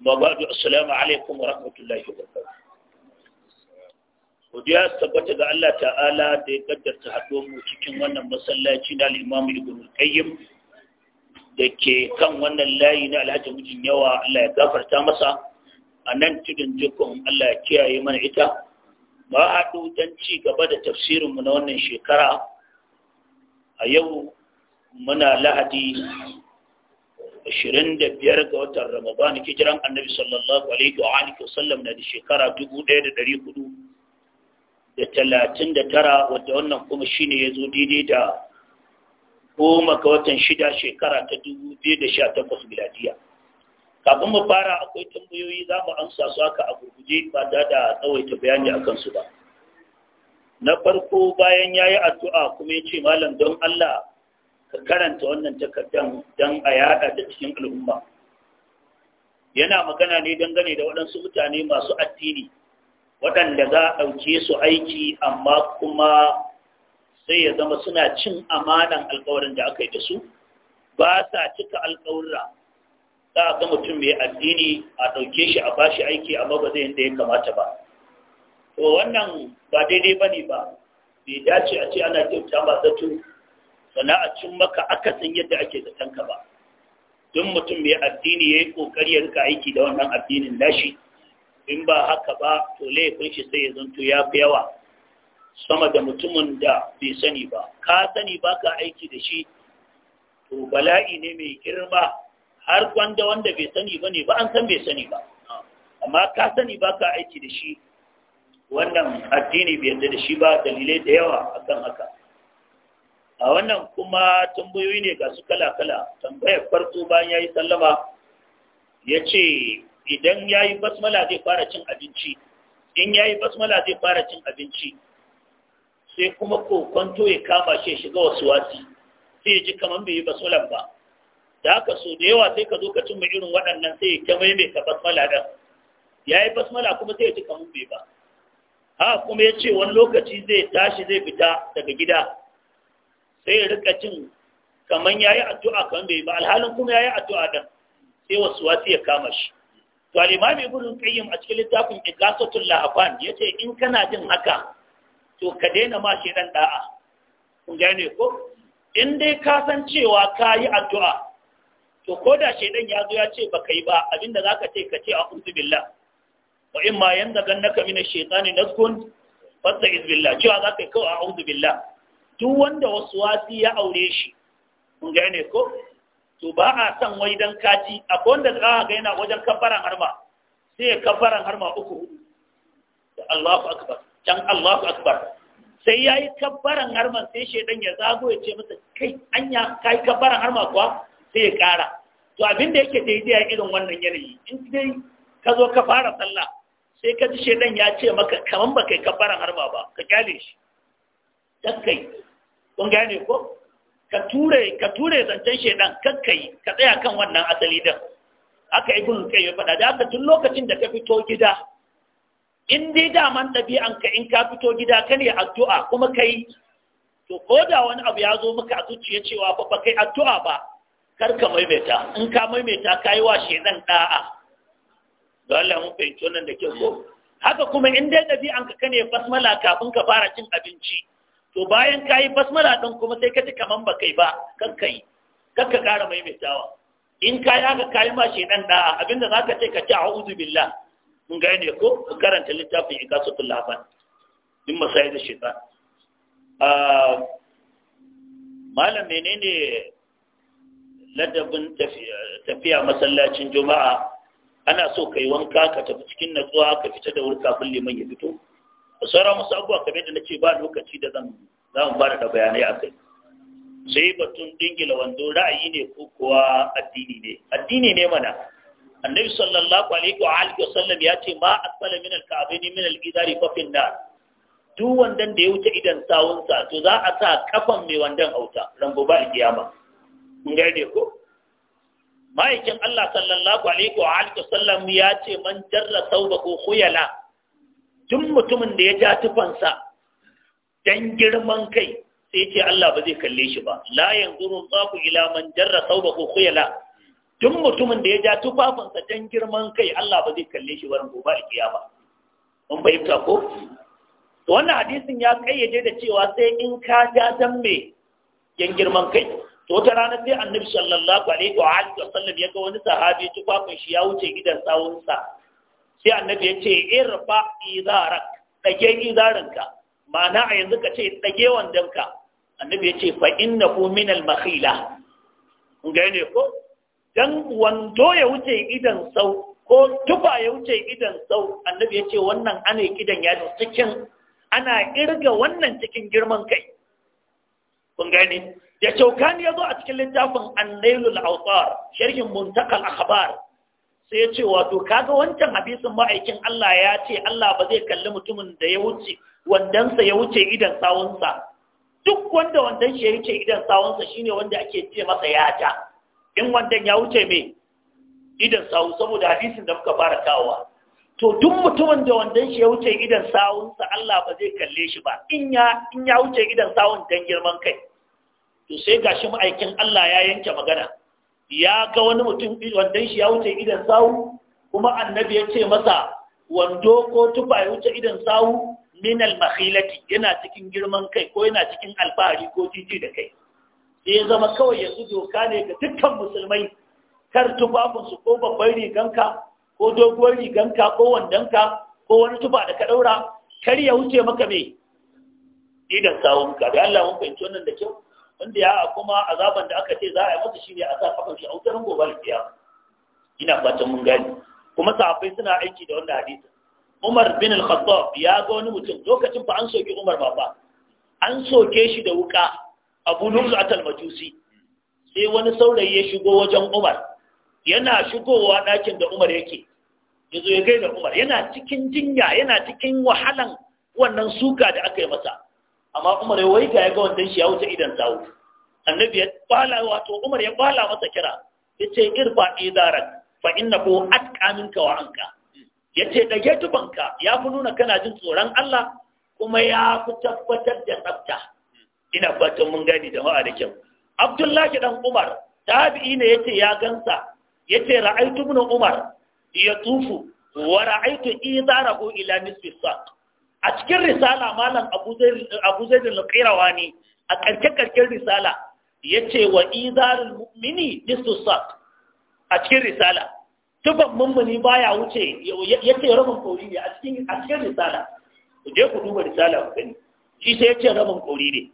amma ba assalamu alaikum wa rahmatullahi wa barakatuh ya tabbata ga Allah ta'ala da ya kaddarta haɗo mu cikin wannan masallaci na al-Imam Ibn Qayyim da ke kan wannan layi na Alhaji Mujin Yawa Allah ya gafarta masa a nan tudun jikon Allah ya kiyaye mana ita ba haɗu don ci gaba da tafsirinmu na wannan shekara a yau muna lahadi ashirin da biyar ga watan Ramadan kijiran annabi sallallahu alaihi wa alihi wa sallam na da shekara dubu ɗaya da ɗari hudu da talatin da tara wadda wannan kuma shine ya zo daidai da goma ga watan shida shekara ta dubu biyu da sha takwas miladiya kafin mu fara akwai tambayoyi za mu amsa su haka a gurguje ba da da tsawaita bayani a kansu ba na farko bayan ya yi addu'a kuma ya ce malam don Allah ka karanta wannan takardan don a yada da cikin al'umma yana magana ne dangane da waɗansu mutane masu addini waɗanda za a ɗauke su aiki amma kuma sai ya zama suna cin amanan alkawarin da aka yi da su ba sa cika alkawarra za a ga mutum mai addini a ɗauke shi a bashi aiki amma ba zai yadda ya kamata ba to wannan ba daidai ba ne ba bai dace a ce ana kyauta ma zato sana a cin maka san yadda ake zaton ka ba Don mutum mai addini ya yi ƙoƙari ya rika aiki da wannan addinin nashi in ba haka ba to laifin shi sai ya zanto ya fi yawa sama da mutumin da bai sani ba ka sani ba ka aiki da shi to bala'i ne mai girma har wanda wanda bai sani ba ne ba an san bai sani ba amma ka sani ba ka aiki da shi wannan addini bai yarda da shi ba dalilai da yawa akan haka a wannan kuma tambayoyi ne ga su kala-kala tambayar farko bayan ya yi sallama ya ce idan ya yi basmala zai fara cin abinci in ya yi basmala zai fara cin abinci sai kuma kokonto ya kama shi shiga wasu wasi sai ya ji kamar bai yi basmala ba da haka so da yawa sai ka zo ka cin irin waɗannan sai ya kyamai mai ka basmala da ya yi basmala kuma sai ya ji kamar bai ba ha kuma ya ce wani lokaci zai tashi zai fita daga gida sai ya rika cin kaman yayi addu'a kaman bai ba alhalin kuma ya yi addu'a da sai wasu wasu ya kama shi to al-imam ibnu qayyim a cikin littafin igasatul ya yace in kana jin haka to ka daina ma shedan da'a kun gane ko in dai ka san cewa ka yi addu'a to ko da shedan ya zo ya ce ba ka yi ba abinda za ka ce ka ce a ƙunsu billah wa in ma yanda gan naka mina shaitani nazgun fasta izbillah cewa za ka yi a ƙunsu billah duk wanda wasu wasi ya aure shi kun gane ko to ba a san wai dan kaji. akwai wanda za ga yana wajen kafaran harma sai ya kafaran harma uku Allahu akbar can Allahu akbar sai yayi kafaran harma sai shedan ya zago ya ce masa kai anya kai kafaran harma kuwa sai ya kara to abin da yake daidai irin wannan yanayi in dai ka zo ka fara sallah sai ka ji shedan ya ce maka kaman ba kai kafaran harma ba ka kyale shi dakkai kun gane ko ka ture ka ture zancen shedan kakkai ka tsaya kan wannan asali din aka ibn kai ya faɗa da haka tun lokacin da ka fito gida in dai daman ɗabi'anka ka in ka fito gida ka ne addu'a kuma kai to ko da wani abu ya zo maka a zuciya cewa ba ba kai addu'a ba kar ka maimaita in ka maimaita ka yi wa shedan da'a don Allah mun fahimci wannan da ke ko. haka kuma in dai ɗabi'anka ka ne basmala kafin ka fara cin abinci to bayan ka yi basmala ɗin kuma sai ka ji kamar ba kai ba kanka yi kanka ƙara maimaitawa in ka yi haka ka yi ma shaidan da'a abinda za ka ce ka ci a uzu billa in ga ne ko ka karanta littafin In ikasatul lafan din masai da shaitan ah, malam menene ladabin tafiya masallacin juma'a ana so ka yi wanka ka tafi cikin natsuwa ka fita da wuri kafin liman ya fito da sauran wasu abubuwa kamar yadda ce ba lokaci da zan za mu ba da bayanai a kai sai batun dingila wando ra'ayi ne ko kuwa addini ne addini ne mana annabi sallallahu alaihi wa alihi wa sallam ya ce ma asfala min al-ka'bayn min al gidari fa fil nar duk wandan da ya wuce idan sawunsa to za a sa kafan mai wandan auta rambo ba kiyama kun ga ne ko ma'aikin Allah sallallahu alaihi wa alihi wa sallam ya ce man jarra thawbahu khuyala duk mutumin da ya ja tufansa don girman kai sai ce Allah ba zai kalle shi ba la yanzuru Allahu ila man jarra ko khuyala duk mutumin da ya ja tufafinsa don girman kai Allah ba zai kalle shi wurin gobe ba mun bayyana ko to wannan hadisin ya kayyade da cewa sai in ka ja dan me yan girman kai to ta ranar sai annabi sallallahu alaihi wa sallam ya ga wani sahabi tufafin shi ya wuce gidan sawunsa sai annabi ya ce irfa izarak dage izarinka ma'ana a yanzu ka ce dage wandonka annabi ya ce fa innahu min al makhila ne ko dan wando ya wuce idan sau ko tufa ya wuce idan sau annabi ya ce wannan ana kidan ya cikin ana irga wannan cikin girman kai kun ne ya shaukani ya zo a cikin littafin annailul autar sharhin muntakal akhbar sai ya ce wato kaga wancan hadisin ma'aikin Allah ya ce Allah ba zai kalli mutumin da ya wuce wandansa ya wuce idan sawunsa duk wanda wandan shi ya wuce idan sawunsa shine wanda ake ce masa ya ja in wandan ya wuce me idan sawu saboda hadisin da muka fara kawowa to duk mutumin da wandan shi ya wuce idan sawunsa Allah ba zai kalle shi ba in ya in ya wuce idan sawun dan girman kai to sai gashi ma'aikin Allah ya yanke magana ya ga wani mutum wandon shi ya wuce idan sawu kuma annabi ya ce masa wando ko tufa ya wuce idan sawu Minal mahilati yana cikin girman kai ko yana cikin alfahari ko titi da kai sai ya zama kawai yanzu doka ne ga dukkan musulmai kar tufafinsu ko babbar riganka ko doguwar riganka ko wandonka ko wani tufa da ka daura kar ya wuce maka mai. idan sawun ka da Allah mun fahimci wannan da kyau wanda ya kuma azaban da aka ce za a yi masa shine a sa shi a wutar gobe alkiya ina fatan mun gani kuma sahabbai suna aiki da wannan hadisi Umar bin al-Khattab ya ga wani mutum lokacin fa an soke Umar baba an soke shi da wuka Abu Lu'lu'at al-Majusi sai wani saurayi ya shigo wajen Umar yana shigowa ɗakin da Umar yake yazo ya gaida Umar yana cikin jinya yana cikin wahalan wannan suka da aka yi masa amma umar ya waita ya ga wannan shi ya wuce idan sawu annabi ya bala wato umar ya bala masa kira yace irfa idarak fa innahu atqa minka wa anka yace dage tubanka ya fi nuna kana jin tsoron Allah kuma ya fi tabbatar da tsafta ina fatan mun gani jama'a da kyau Abdullahi dan Umar tabi'i ne yace ya gansa yace ra'aytu ibn Umar ya tufu wa ra'aytu idarahu ila nisfi saq a cikin risala malam abu zai da ne a ƙarƙe-ƙarƙen risala ya ce wa izarin mini nisu a cikin risala tufan mummuni baya wuce ya ce rabin kori ne a cikin risala ku je ku duba risala ku gani shi sai ya ce rabin kori ne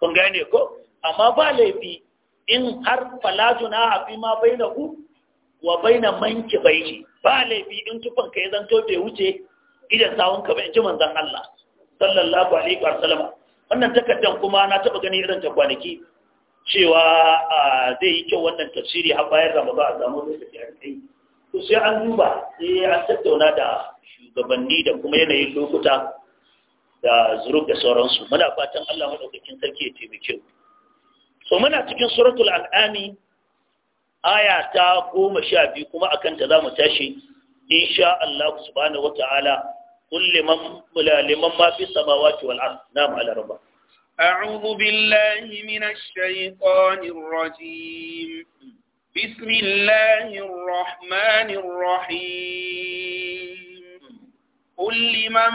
kun gane ko amma ba laifi in har falajuna a fi ma bai na ku wa bai na manki bai ba laifi in tufan ka ya zanto bai wuce idan sawun ka bai ji manzon Allah sallallahu alaihi wa sallam wannan takaddan kuma na taba gani irin ta kwanaki cewa zai yi kyau wannan tafsiri har bayan Ramadan a samu lokaci a kai to sai an duba sai an tattauna da shugabanni da kuma yanayin lokuta da zuruk da sauransu muna fatan Allah madaukakin sarki ya taimake mu so muna cikin suratul al'ami aya ta goma sha biyu kuma akan ta za mu tashi insha Allah subhanahu wata'ala قل لمن لمن ما في السماوات والأرض نام على ربك أعوذ بالله من الشيطان الرجيم بسم الله الرحمن الرحيم قل لمن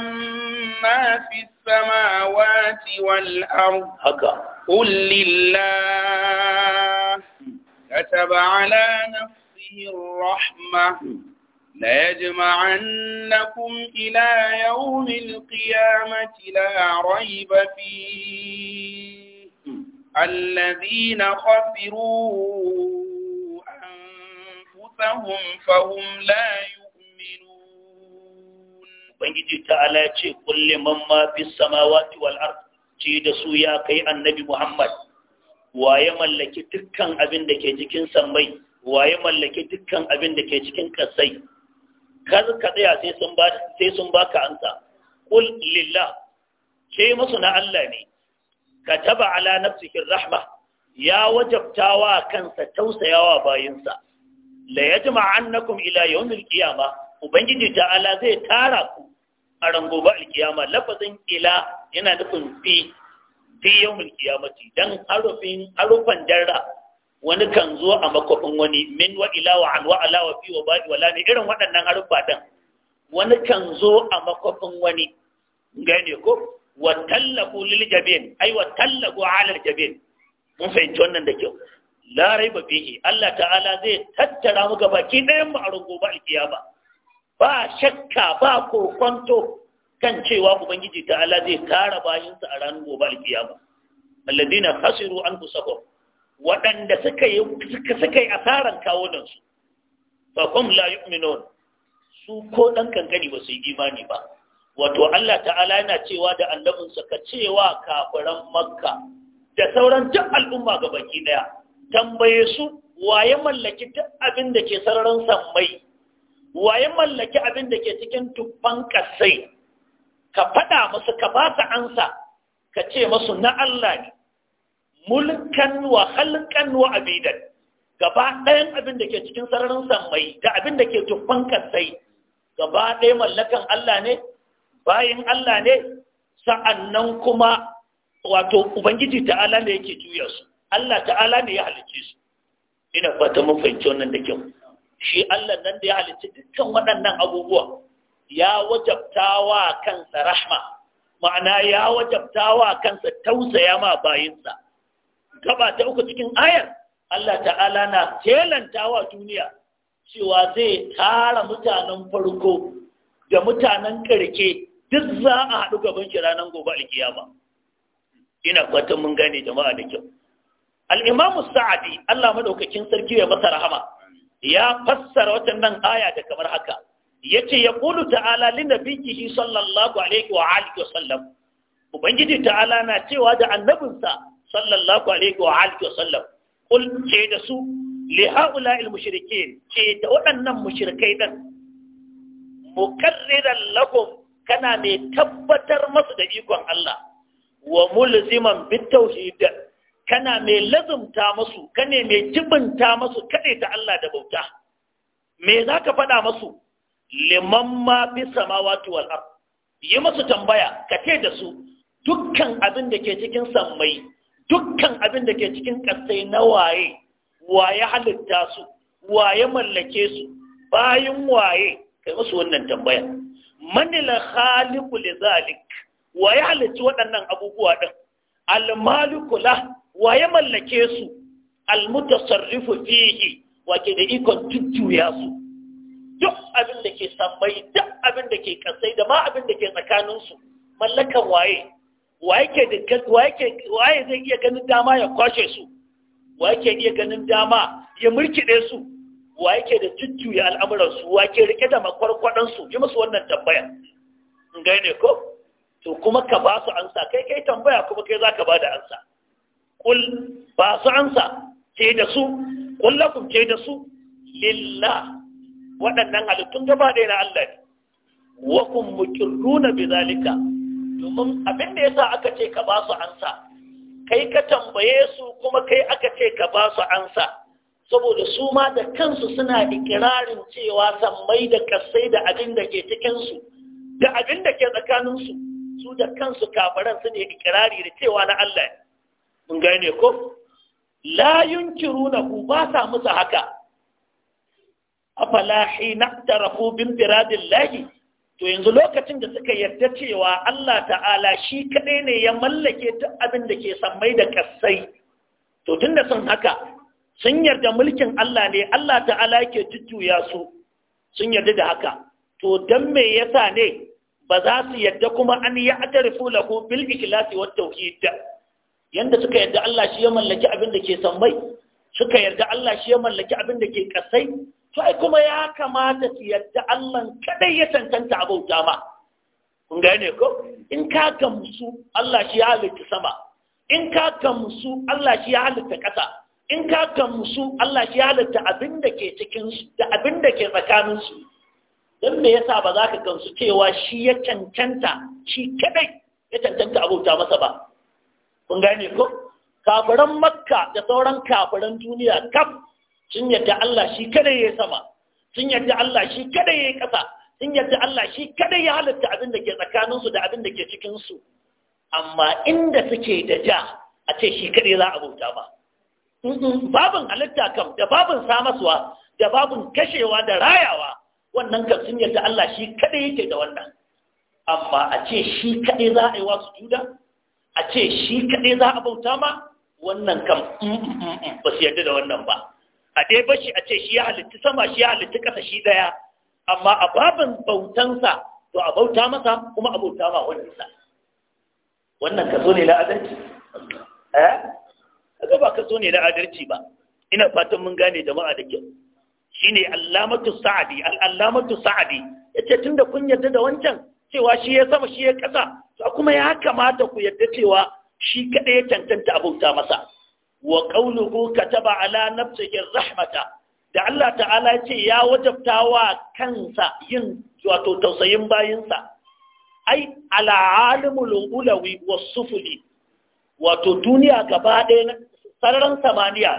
ما في السماوات والأرض قل لله كتب على نفسه الرحمة ليجمعنكم إلى يوم القيامة لا ريب فيه الذين خسروا أنفسهم فهم لا يؤمنون بنجي تعالى كل من ما في السماوات والأرض ci da su ya kai annabi Muhammad waye mallaki dukkan abin da ke cikin sammai waye mallaki dukkan abin da ke cikin kasai kar ka tsaya sai sun ba sai baka ansa qul lillah ce musu na Allah ne Ka taba ala nafsihi rahma ya wajabtawa kansa tausayawa bayinsa la annakum ila yawmil qiyama ubangiji Ala zai tara ku a rangoba alkiyama lafazin ila yana nufin fi fi yawmil qiyamati dan harufin harufan darra wani kan zo a makwafin wani min wa ila wa an wa ala wa fi wa ba wa lami irin waɗannan haruffa din wani kan zo a makwafin wani gane ko wa tallafu lil jabin ai wa tallafu ala jabin mun fahimci wannan da kyau la raiba fihi Allah ta'ala zai tattara mu baki ɗayan mu a rungo ba alkiyama ba shakka ba kokonto kan cewa ubangiji ta'ala zai tara bayinsa a ranar gobe alkiyama alladina khasiru anfusahum waɗanda suka yi suka yi asaran kawunansu fa kum la yu'minun su ko dan kankani ba su yi imani ba wato Allah ta'ala yana cewa da sa ka cewa kafiran makka da sauran duk al'umma ga baki daya tambaye su waye mallaki duk abin da ke sararin sammai waye mallaki abin da ke cikin tuffan kasai ka faɗa musu ka ba su ansa ka ce musu na Allah ne mulkan wa halkan wa abidan gaba ɗayan abin da ke cikin sararin sammai da abin da ke tuffan kasai gaba ɗaya mallakan Allah ne bayan Allah ne sa'annan kuma wato ubangiji ta'ala ne yake juya su Allah ta'ala ne ya halicce su ina fata mun fahimci wannan da kyau shi Allah nan da ya halicci dukkan waɗannan abubuwa ya wajabtawa kansa rahma ma'ana ya wajabtawa kansa tausaya ma bayinsa gaba ta uku cikin ayar Allah ta'ala na telantawa duniya cewa zai tara mutanen farko da mutanen ƙarke duk za a haɗu gaban shi ranar gobe alkiyama ina fatan mun gane jama'a da kyau al-imam sa'adi Allah madaukakin sarki ya masa rahama ya fassara nan aya da kamar haka yace ya qulu ta'ala li nabiyhi sallallahu alaihi wa alihi wa sallam ubangiji ta'ala na cewa da annabinsa sallallahu alaihi wa alihi wa sallam kul ce da su li haula al mushrikin ce da waɗannan mushrikai dan mukarriran lakum kana mai tabbatar masu da ikon Allah wa mulziman bit tauhid kana mai lazumta masu kane mai jibinta masu kade ta Allah da bauta me zaka faɗa masu liman ma fi samawati wal ard yi masu tambaya kace da su dukkan abin da ke cikin sammai dukkan abin da ke cikin ƙasai na waye waye halitta su waye mallake su bayin waye kai musu wannan tambaya manila khaliqu lidhalik waye halitta waɗannan abubuwa din al-maliku la waye mallake su al-mutasarrifu fihi wake da ikon tutuyasu. su duk abin da ke sambai, duk abin da ke kasai da ma abin da ke tsakaninsu mallakan waye waye zai iya ganin dama ya kwashe su waye ke iya ganin dama ya murkide su waye ke da jujjuya al'amuransu waye ke rike da makwarkwadansu ji musu wannan tambaya in ne ko to kuma ka ba su ansa kai kai tambaya kuma kai za ka ba da ansa kul ba su ansa ke da su kullakum ke da su lillah waɗannan halittun gaba ɗaya na Allah ne wa kun mukirruna bi zalika domin abin da yasa aka ce ka ba su ansa kai ka tambaye su kuma kai aka ce ka ba su ansa saboda su ma da kansu suna ikirarin cewa sammai da kasai da abin da ke cikinsu da abin da ke tsakaninsu su da kansu kafaran su ne ikirari da cewa na Allah mun gane ko la yunkiruna ku ba sa musu haka afala hina tarafu bin biradillahi to yanzu lokacin da suka yarda cewa Allah ta'ala shi kaɗai ne ya mallake duk abin da ke sammai da kassai to da sun haka sun yarda mulkin Allah ne Allah ta'ala ke jujjuya su sun yarda da haka to dan me yasa ne ba za su yarda kuma an ya atarifu lahu bil ikhlasi wat tauhid yanda suka yarda Allah shi ya mallaki abin da ke sammai suka yarda Allah shi ya mallaki abin da ke kasai sai kuma ya kamata su yadda Allah kadai ya cancanta abauta ma kun gane ko in ka gamsu Allah shi ya halitta sama in ka gamsu Allah shi ya halitta ƙasa in ka gamsu Allah shi ya halitta abin da ke cikin su da abin da ke tsakanin su don me yasa ba za ka gamsu cewa shi ya cancanta shi kadai ya cancanta abauta masa ba kun gane ko kafiran makka da sauran kafiran duniya kaf sun yadda Allah shi kada ya yi sama sun yadda Allah shi kada ya yi ƙasa sun yadda Allah shi kada ya halatta abin da ke tsakaninsu da abin da ke cikinsu amma inda suke da ja a ce shi kada za a bauta ba babin halitta kam da babin samaswa da babin kashewa da rayawa wannan kan sun yadda Allah shi kada yake da wannan amma a ce shi kaɗai za a yi wa su juda a ce shi kaɗai za a bauta ma wannan kan ba su yadda da wannan ba a dai bashi a ce shi ya halitti sama shi ya halitti ƙasa shi daya amma a babin bautansa to a bauta masa kuma a bauta ma waninsa wannan kaso ne na adalci eh kaga ba kaso ne na adalci ba ina fatan mun gane jama'a da kyau shine allamatu sa'adi al-allamatu sa'adi yace tunda kun yarda da wancan cewa shi ya sama shi ya ƙasa to kuma ya kamata ku yarda cewa shi kaɗai ya cancanta bauta masa wa qawluhu kataba ala nafsihi rahmata da Allah ta'ala ce ya wajabta wa kansa yin wato tausayin bayinsa ai ala alimul ulawi was sufuli wato duniya gaba ɗaya sararin samaniya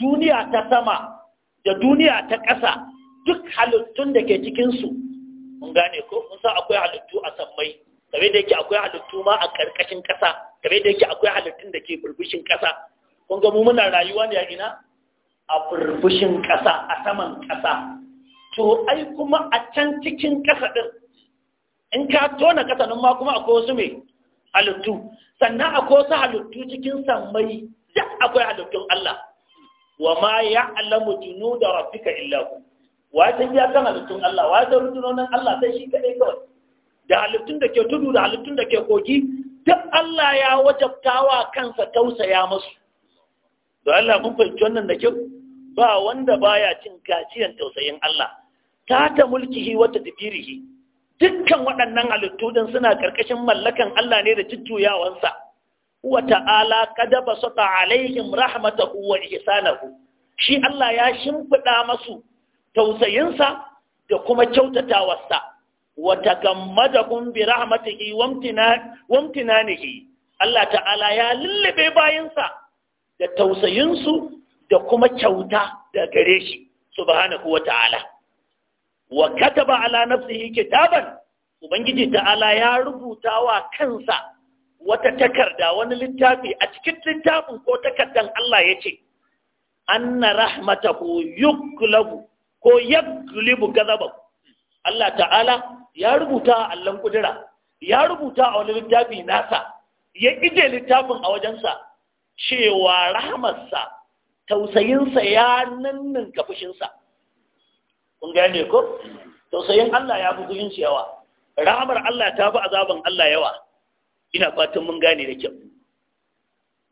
duniya ta sama da duniya ta ƙasa duk halittun da ke cikinsu mun gane ko mun san akwai halittu a sammai kamar da yake akwai halittu ma a ƙarƙashin ƙasa kamar da yake akwai halittun da ke burbushin ƙasa kun ga mu muna rayuwa ne a ina a furfushin ƙasa a saman ƙasa to ai kuma a can cikin ƙasa ɗin in ka tona ƙasa nan ma kuma akwai wasu mai halittu sannan akwai wasu halittu cikin sammai duk akwai halittun Allah wa ma ya alamu junu da rafika illa ku wa ya san halittun Allah wa ya san rundunonin Allah sai shi kaɗai kawai da halittun da ke tudu da halittun da ke kogi duk Allah ya wajabtawa kansa tausaya musu da Allah mun fahimci wannan da kyau ba wanda baya cin kaciyan tausayin Allah ta ta mulkihi wata tadbirihi dukkan waɗannan halittu din suna karkashin mallakan Allah ne da jujjuyawansa wa ta'ala qad basata alaihim rahmatahu wa ihsanahu shi Allah ya shimfida masu tausayinsa da kuma kyautatawarsa wa takammadakum bi rahmatihi wa imtinanihi Allah ta'ala ya lullube bayinsa da tausayinsu da kuma kyauta da gare shi subhanahu wa ta'ala wa kataba ala nafsihi kitaban ubangiji ta'ala ya rubuta wa kansa wata takarda wani littafi a cikin littafin ko takardan Allah yace anna rahmatahu yuklabu ko yaglibu gazaba Allah ta'ala ya rubuta a allon kudura ya rubuta a wani littafi nasa ya ije littafin a wajensa cewa rahamarsa tausayinsa ya nannin kafushinsa kun gane ko tausayin Allah ya fi gudun yawa rahamar Allah ta fi azaban Allah yawa ina fatan mun gane da kyau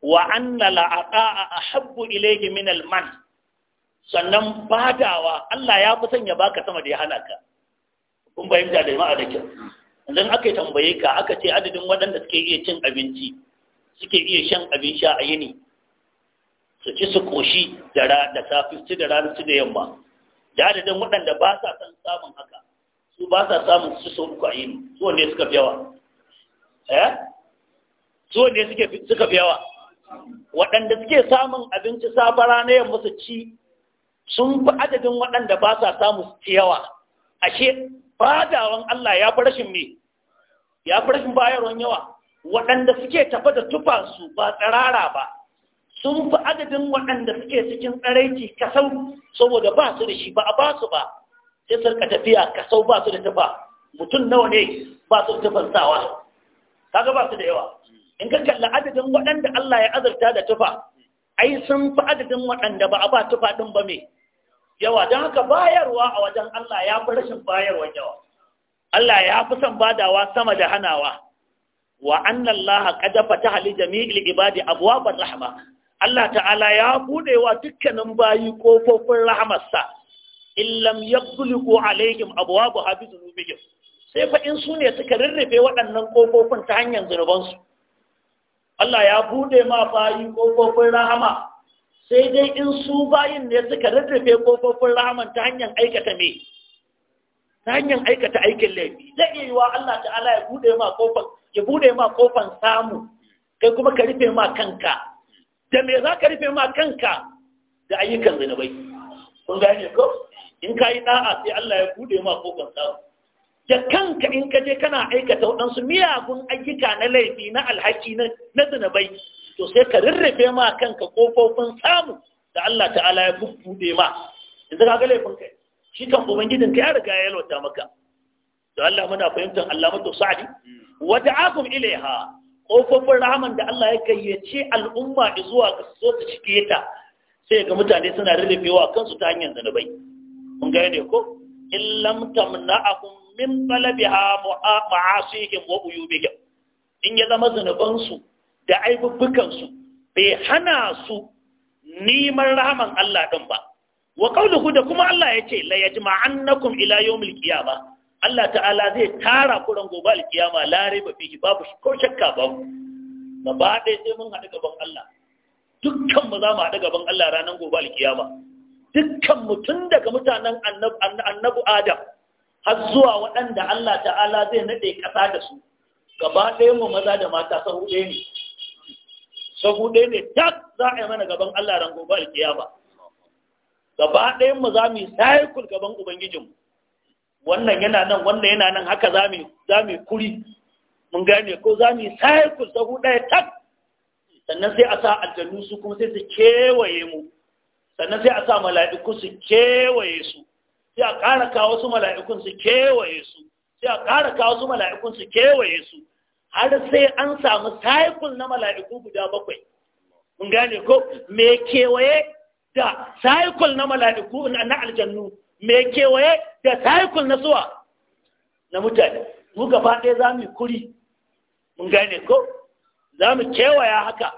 wa anna la'ata'a ahabbu ilayhi min al-man sannan badawa Allah ya fi sanya baka sama da ya hana ka kun bayyana da jama'a da kyau idan aka tambaye ka aka ce adadin waɗanda suke iya cin abinci suke iya shan abin sha a yini su ci su koshi da safi su da rana su da yamma da adadin waɗanda ba sa san samun haka su ba sa samun su sau uku a yini su wanda suka fi yawa eh su wanda suka fi yawa waɗanda suke samun abinci safara na yamma su ci sun fi adadin waɗanda ba sa samu su ci yawa ashe fadawan Allah ya fi rashin me ya fi rashin bayarwan yawa waɗanda suke tafa da tufansu ba tsirara ba sun fi adadin waɗanda suke cikin tsaraici kasau saboda ba su da shi ba a ba su ba sai sarka tafiya kasau ba su da tufa mutum nawa ne ba su da tufansawa. sawa kaga ba su da yawa in ka kalla adadin waɗanda Allah ya azurta da tufa ai sun fi adadin waɗanda ba a ba tufa ɗin ba me yawa don haka bayarwa a wajen Allah ya fi rashin bayarwa yawa Allah ya fi son badawa sama da hanawa wa anna Allah qad fataha li jami'il ibadi ban rahma Allah ta'ala ya bude wa dukkanin bayi kofofin rahamarsa illam yaqliqu alaihim abwabaha bi dhunubihim sai fa in sune suka rarrafe waɗannan kofofin ta hanyar zunubansu Allah ya bude ma bayi kofofin rahama sai dai in su bayin ne suka rarrafe kofofin rahaman ta hanyar aikata me ta hanyar aikata aikin laifi zai iya yiwa Allah ta'ala ya bude ma kofofin. ya bude ma kofan samu kai kuma ka rufe ma kanka da me za ka rufe ma kanka da ayyukan zinubai kun gane ko in ka yi da'a sai Allah ya bude ma kofan samu da kanka in ka je kana aikata waɗansu miyagun ayyuka na laifi na alhaki na zinubai to sai ka rurrufe ma kanka kofofin samu da Allah ta'ala ya bude ma yanzu ka ga laifin kai shi kan ubangijin ka ya riga ya yalwata maka da Allah muna fahimtar Allah mato sa'di wa da'akum ilaiha Ƙofofin rahaman da Allah ya gayyace al'umma zuwa ga so ta cike ta sai ga mutane suna rarrafewa kansu ta hanyar zanubai mun ga ko in lam tamna'akum min talabiha ma'asihim wa uyubihim in ya zama zanuban su da aibubbukan su bai hana su neman rahaman Allah din ba wa qawluhu da kuma Allah yace la yajma'annakum ila yawmil qiyamah Allah ta'ala zai tara ku ran gobe alkiyama lare ba fi babu ko shakka babu gaba ɗaya sai mun haɗu gaban Allah dukkan mu za mu haɗu gaban Allah ranar gobe alkiyama dukkan tun daga mutanen annabu Adam har zuwa waɗanda Allah ta'ala zai naɗe ƙasa da su gaba ɗaya mu maza da mata sahu ɗaya ne sahu ɗaya ne tak za a yi mana gaban Allah ran gobe alkiyama gaba ɗayan mu za mu yi cycle gaban ubangijinmu wannan yana nan wannan yana nan haka za mu kuri mun gane ko za mu sai ku sahu ɗaya tak sannan sai a sa aljannu su kuma sai su kewaye mu sannan sai a sa mala'iku su kewaye su sai a ƙara kawo su mala'ikun su kewaye su sai a ƙara kawo su mala'ikun su kewaye su har sai an samu cycle na mala'iku guda bakwai mun gane ko me kewaye da cycle na mala'iku na aljannu mai kewaye da cycle na zuwa na mutane mu gaba ɗaya za mu kuri mun gane ko za mu kewaya haka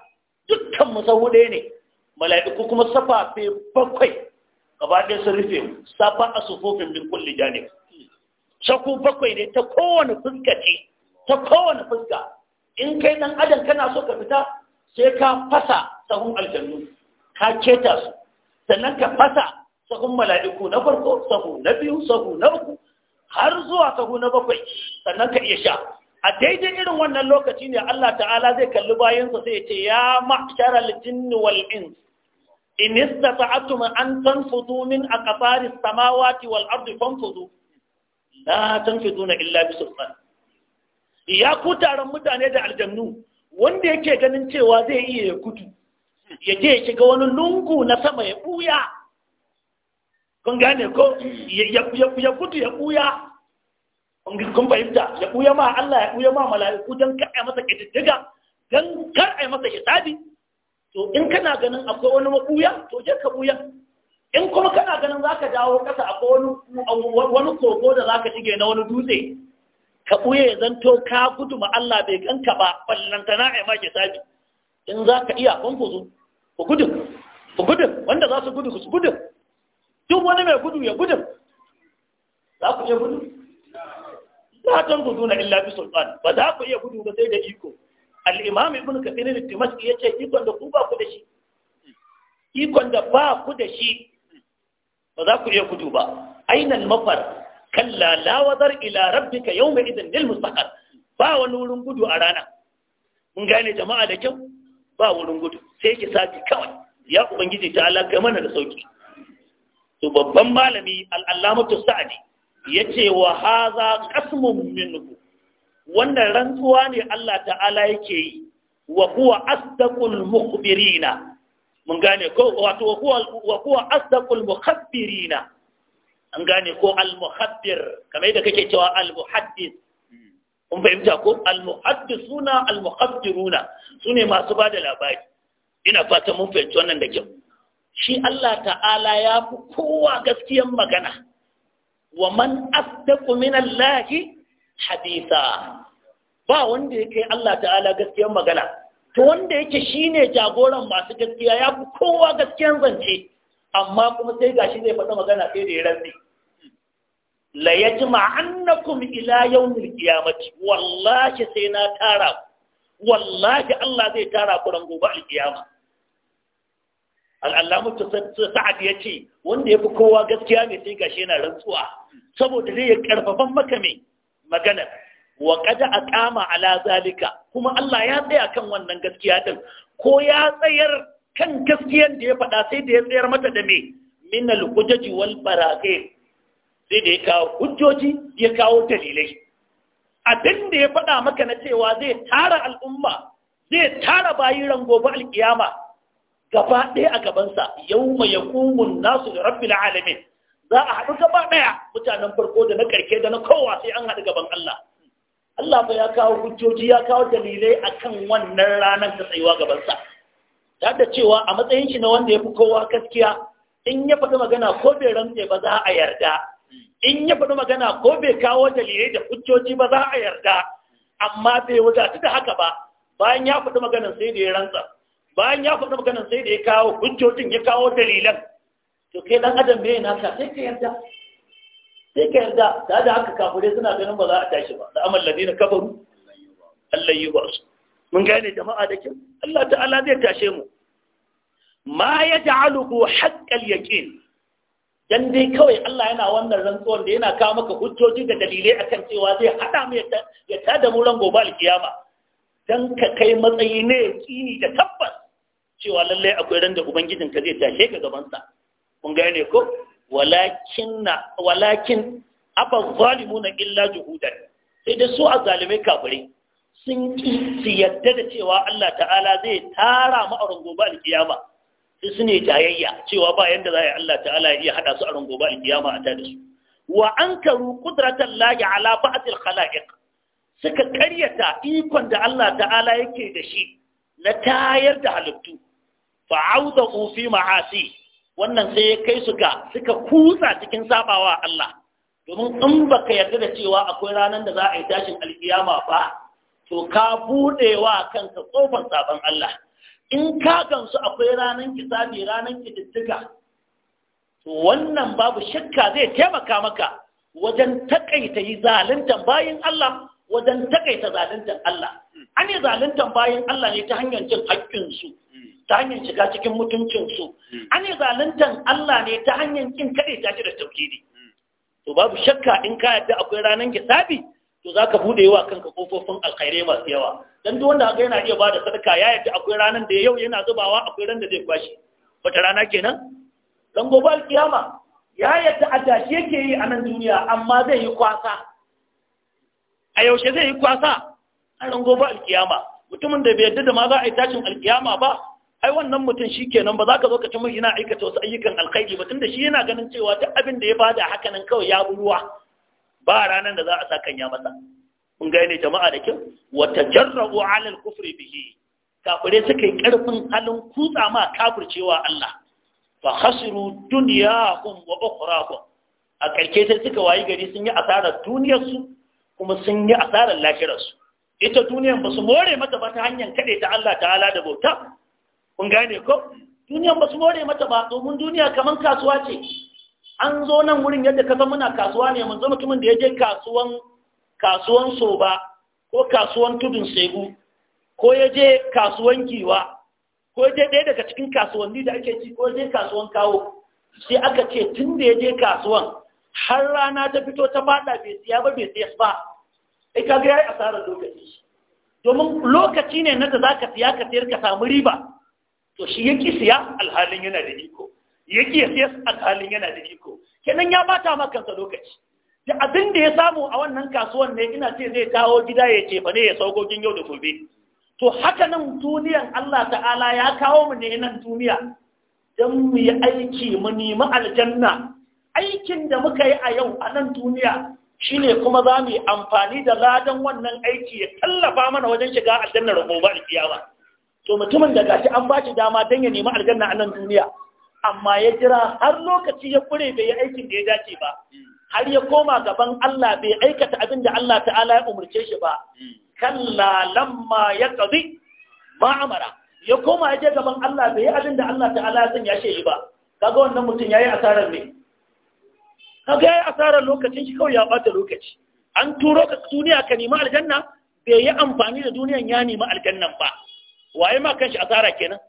dukkan mu sahu ɗaya ne mala'iku kuma safafe bakwai gaba ɗaya sun rufe mu safa a sufofin bin kulli jane shaku bakwai ne ta kowane fuska ce ta kowane fuska in kai ɗan adam kana so ka fita sai ka fasa sahun aljannu ka keta su sannan ka fasa sahun mala'iku na farko sahu na biyu sahu na uku har zuwa sahu na bakwai sannan ka iya sha a daidai irin wannan lokaci ne Allah ta'ala zai kalli bayansa sai ya ce ya ma'sharal jinni wal ins Sa'atu mai an tanfudu min aqfari samawati wal ardi Na la tanfuduna illa bi ya ku taron mutane da aljannu wanda yake ganin cewa zai iya ya gudu ya je ya shiga wani lungu na sama ya ɓuya. kun gane ko ya kutu ya ɓuya kun fahimta ya ɓuya ma Allah ya ɓuya ma mala'iku don kar a masa ƙididdiga don kar a masa hisabi to in kana ganin akwai wani maɓuya to je ka buya. in kuma kana ganin za ka dawo ƙasa akwai wani kogo da za ka shige na wani dutse ka ɓuya ya zanto ka gudu ma Allah bai ganka ba na a ma hisabi in za ka iya kun ku zo ku gudu. ku wanda za su gudu su gudu. duk wani mai gudu ya gudun za ku iya gudu la tan gudu na illa bi sultan ba za ku iya gudu ba sai da iko al'imami ibn kathir al ya ce ikon da ku ba ku da shi ikon da ba ku da shi ba za ku iya gudu ba ainan mafar kalla la ila rabbika mai izin nil ba wani wurin gudu a rana mun gane jama'a da kyau ba wurin gudu sai ki sati kawai ya ubangiji ta alaƙa mana da sauki to babban malami al'allamatu sa'adi ya ce wa haza kasmun minhu wannan rantsuwa ne Allah ta'ala yake yi wa kuwa asdaqul mukhbirina mun gane ko wato wa kuwa wa kuwa asdaqul an gane ko al muhaddis kamar yadda kake cewa al muhaddis kun fahimta ko al suna al muhabbiruna sune masu da labari ina fatan mun fahimci wannan da kyau shi Allah ta'ala ya fi kowa gaskiyan magana wa man asdaqu min Allah haditha ba wanda yake Allah ta'ala gaskiyan magana to wanda yake shine jagoran masu gaskiya ya fi kowa gaskiyan zance amma kuma sai gashi zai faɗa magana sai da ya rantsi la yajma annakum ila yawmil qiyamati wallahi sai na tara wallahi Allah zai tara ku ran gobe alkiyama al'allamu sa'ad ya ce wanda ya fi kowa gaskiya mai sai gashi yana rantsuwa saboda zai ya karfafan maka mai magana. wa kada a kama ala zalika kuma Allah ya tsaya kan wannan gaskiya din ko ya tsayar kan gaskiyan da ya faɗa sai da ya tsayar mata da mai? min al-hujaji wal barakai sai da ya kawo hujjoji ya kawo dalilai abin da ya faɗa maka na cewa zai tara al'umma zai tara bayiran gobe alkiyama gaba ɗaya a gabansa yau mai ya kumun nasu da rabbi na alamin za a haɗu gaba ɗaya mutanen farko da na ƙarke da na kowa sai an haɗu gaban Allah Allah ba ya kawo hujjoji ya kawo dalilai a kan wannan ranar ta tsayuwa gabansa ta da cewa a matsayin shi na wanda ya fi kowa gaskiya in ya faɗi magana ko bai rantse ba za a yarda in ya faɗi magana ko bai kawo dalilai da hujjoji ba za a yarda amma bai wadatu da haka ba bayan ya faɗi magana sai da ya rantsa bayan ya faɗi maganar sai da ya kawo hujjojin ya kawo dalilan to kai dan adam me yana ka sai ka yarda sai ka yarda da da haka kafure suna ganin ba za a tashi ba da amal ladina kafaru Allah yi wasu mun gane jama'a da kin Allah ta'ala zai tashe mu ma ya ja'aluhu haqqal yaqin dan dai kawai Allah yana wannan rantsuwar da yana kawo maka hujjoji da dalilai akan cewa zai hada mu ya tada mu ran gobe alkiyama dan ka kai matsayi ne kini da tabbas cewa lallai akwai ran da ubangijin ka zai tashe ka gabansa kun gane ko walakin na walakin aba zalimuna illa juhudan sai da su azalimai kafirai sun ki su yadda da cewa Allah ta'ala zai tara mu a rungoba alkiyama sai su ne jayayya cewa ba yanda za a yi Allah ta'ala ya iya hada su a rungoba alkiyama a tada su wa ankaru qudratan lahi ala ba'dil khalaiq suka karyata ikon da Allah ta'ala yake da shi na tayar da halittu fa'auda fi ma'asi wannan sai ya kai su ga suka kusa cikin sabawa Allah domin in baka yarda da cewa akwai ranar da za a yi tashin alkiyama ba to ka buɗewa kanka tsofan sabon Allah in ka gamsu akwai ranar kisabi ranar kididdiga to wannan babu shakka zai taimaka maka wajen takaita yi zaluntan bayin Allah wajen takaita zaluntan Allah an yi zaluntan bayin Allah ne ta hanyar cin haƙƙinsu ta hanyar shiga cikin mutuncinsu hmm. an yi zaluntan Allah ne ta hanyar kin kaɗe ta shi da tauhidi hmm. to babu shakka in ka yadda akwai ranar hisabi to za ka buɗe wa kanka ƙofofin alkhairai masu yawa dan duk wanda haka yana iya ba da sadaka ya yadda akwai ranar da yau yana zubawa akwai ran da zai kwashi wata rana kenan dan gobe alkiyama ya yadda a tashi yake yi a nan duniya amma zai yi kwasa a yaushe zai yi kwasa a ran gobe alkiyama mutumin da bai yadda da ma za a yi tashin alkiyama ba ai wannan mutum shi kenan ba za ka zo ka ci mai yana aikata wasu ayyukan alkhairi ba tunda shi yana ganin cewa duk abin da ya bada haka nan kawai ya ruwa ba ranar da za a sa kan ya masa kun gane jama'a da kyau wata jarrabu alal kufri bihi kafirai suka yi karfin halin kutsa ma kafircewa Allah fa khasiru dunyahum wa ukhrahum a karke sai suka wayi gari sun yi asarar duniyarsu kuma sun yi asarar lahirarsu ita duniyar ba su more mata ba ta hanyar kaɗe ta Allah ta'ala da bauta kun gane ko duniyan ba su more mata ba domin duniya kamar kasuwa ce an zo nan wurin yadda ka san muna kasuwa ne mun zo mutumin da ya je kasuwan kasuwan soba ko kasuwan tudun segu ko ya je kasuwan giwa ko ya je ɗaya daga cikin kasuwanni da ake ci ko ya je kasuwan kawo sai aka ce tun da ya je kasuwan har rana ta fito ta fada bai siya ba bai siya ba ai ga yayi asarar lokaci domin lokaci ne na da zaka siya ka sayar ka samu riba to shi ya siya alhalin yana da iko ya ya siya alhalin yana da iko kenan ya bata ma kansa lokaci da abin da ya samu a wannan kasuwan ne ina ce zai kawo gida ya ce ne ya saukokin yau da gobe to haka nan duniyan Allah ta'ala ya kawo mu ne nan duniya don mu yi aiki mu nemi aljanna aikin da muka yi a yau a nan duniya shine kuma za mu yi amfani da ladan wannan aiki ya tallafa mana wajen shiga aljannar gobe alkiyama to mutumin da gashi an ba shi dama don ya nemi aljanna a nan duniya amma ya jira har lokaci ya kure bai yi aikin da ya dace ba har ya koma gaban Allah bai aikata abin da Allah ta'ala ya umarce shi ba kalla lamma ya qadi ba amara ya koma ya je gaban Allah bai yi abin da Allah ta'ala ya sanya shi ba kaga wannan mutum yayi asarar ne kaga yayi asarar lokacin shi kawai ya bata lokaci an turo ka duniya ka nemi aljanna bai yi amfani da duniyan ya nemi aljannan ba waye ma kanshi asara kenan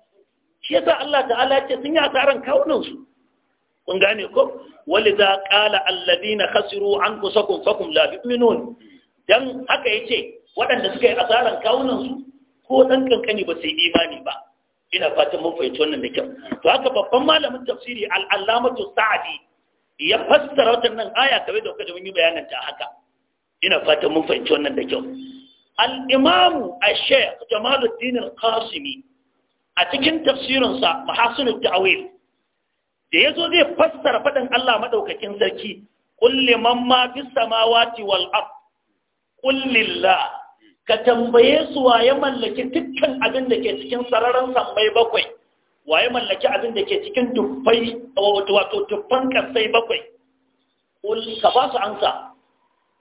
shi yasa Allah ta'ala yake sun yi asaran kawunan su kun gane ko walidha qala alladhina khasiru anfusakum fakum la yu'minun dan haka yace waɗanda suka yi asaran kawunan su ko dan kankani ba sai yi imani ba ina fatan mun fahimci wannan da kyau to haka babban malamin tafsiri al-allamatu sa'di ya fassara wannan aya kawai da kuka ji mun yi bayanin ta haka ina fatan mun fahimci wannan da kyau al'imamu a shek jamaluddin Kasimi, a cikin tafsirinsa mahasunin ta'awil da ya zo zai fassara faɗin Allah maɗaukakin sarki kulle man ma fi samawati wal ab kullillah ka tambaye su waye mallaki dukkan abin ke cikin sararin sammai bakwai waye mallaki abin ke cikin dubbai wato dubban kasai bakwai ka ba ansa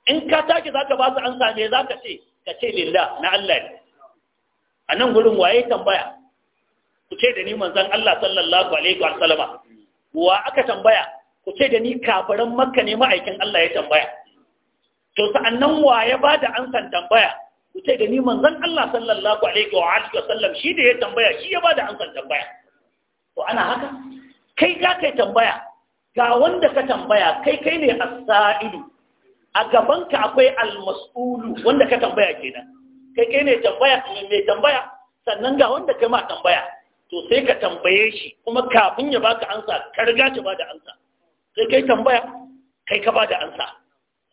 in ka take za ka ba su ansa ne za ka ce ka ce lillah na Allah ne a nan gurin waye tambaya ku ce da ni manzon Allah sallallahu alaihi wa sallama wa aka tambaya ku ce da ni kafaran makka ne ma'aikin Allah ya tambaya to nan wa ya da ansan tambaya ku ce da ni manzon Allah sallallahu alaihi wa sallam shi da ya tambaya shi ya ba da ansan tambaya to ana haka kai za kai tambaya ga wanda ka tambaya kai kai ne as-sa'idu a gabanka akwai almas'ulu wanda ka tambaya kenan kai kai ne tambaya mai tambaya sannan ga wanda kai ma tambaya to sai ka tambaye shi kuma kafin ya baka ansa ka riga ta bada ansa sai kai tambaya kai ka bada ansa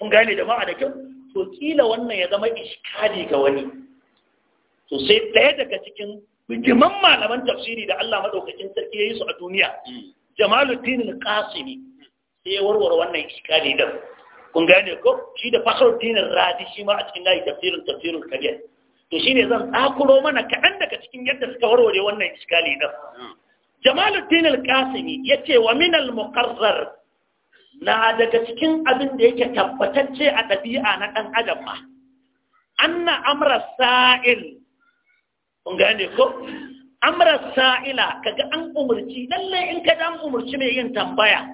kun gane jama'a da kyau to kila wannan ya zama iskali ga wani to sai ɗaya daga cikin bijiman malaman tafsiri da Allah madaukakin sarki ya su a duniya hmm. Jamaluddin al-Qasimi sai ya warware wannan iskali din kun gane ko shi da fakhruddin radi shi ma a cikin nayi tafsirin tafsirin kabir to shi ne zan tsakuro mana kaɗan daga cikin yadda suka warware wannan iskali din hmm. jamaluddin al-qasimi yace wa min al na daga cikin abin da yake tabbatacce a ɗabi'a na ɗan adam ma anna amra sa'il kun gane ko amra sa'ila kaga an umurci lalle in kaga an umurci mai yin tambaya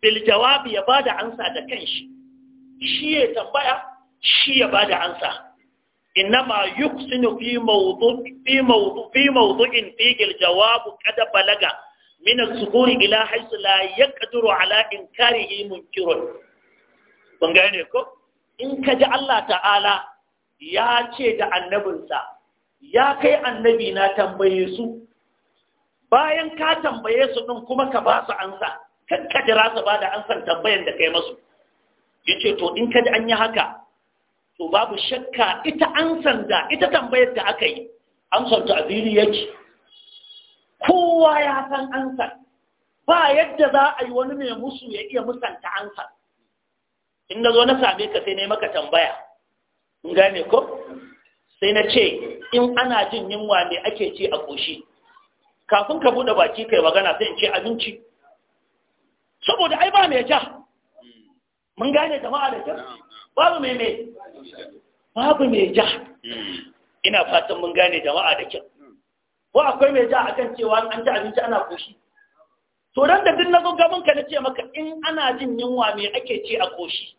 bil jawabi ya bada ansa da kanshi shi ya tambaya shi ya ba da ansa ma yuksinu fi mawdu'in gil jawabu kada balaga min as-sukuri ila haythu la yaqdiru ala inkarihi munkirun ban gane ko in ka ji Allah ta'ala ya ce da annabinsa ya kai annabi na tambaye su bayan ka tambaye su din kuma ka ba su ansa kan ka jira su ba da ansan tambayan da kai masu ya ce to in kaji an yi haka to babu shakka ita an sanda ita tambayar da aka yi amsar ta ya yake kowa ya san ansar ba yadda za a yi wani mai musu ya iya musanta ansar in na zo na same ka sai na yi maka tambaya in gane ko sai na ce in ana jin yunwa ne ake ce a ƙoshi kafin ka buɗe baki kai magana sai in ce abinci saboda ai ba mai ja mun gane jama'a da kyau babu mai mai babu mai ja ina fatan mun gane jama'a da kyau ko akwai mai ja akan cewa an ji abinci ana koshi to dan da duk na gaban ka na ce maka in ana jin yunwa me ake ce a koshi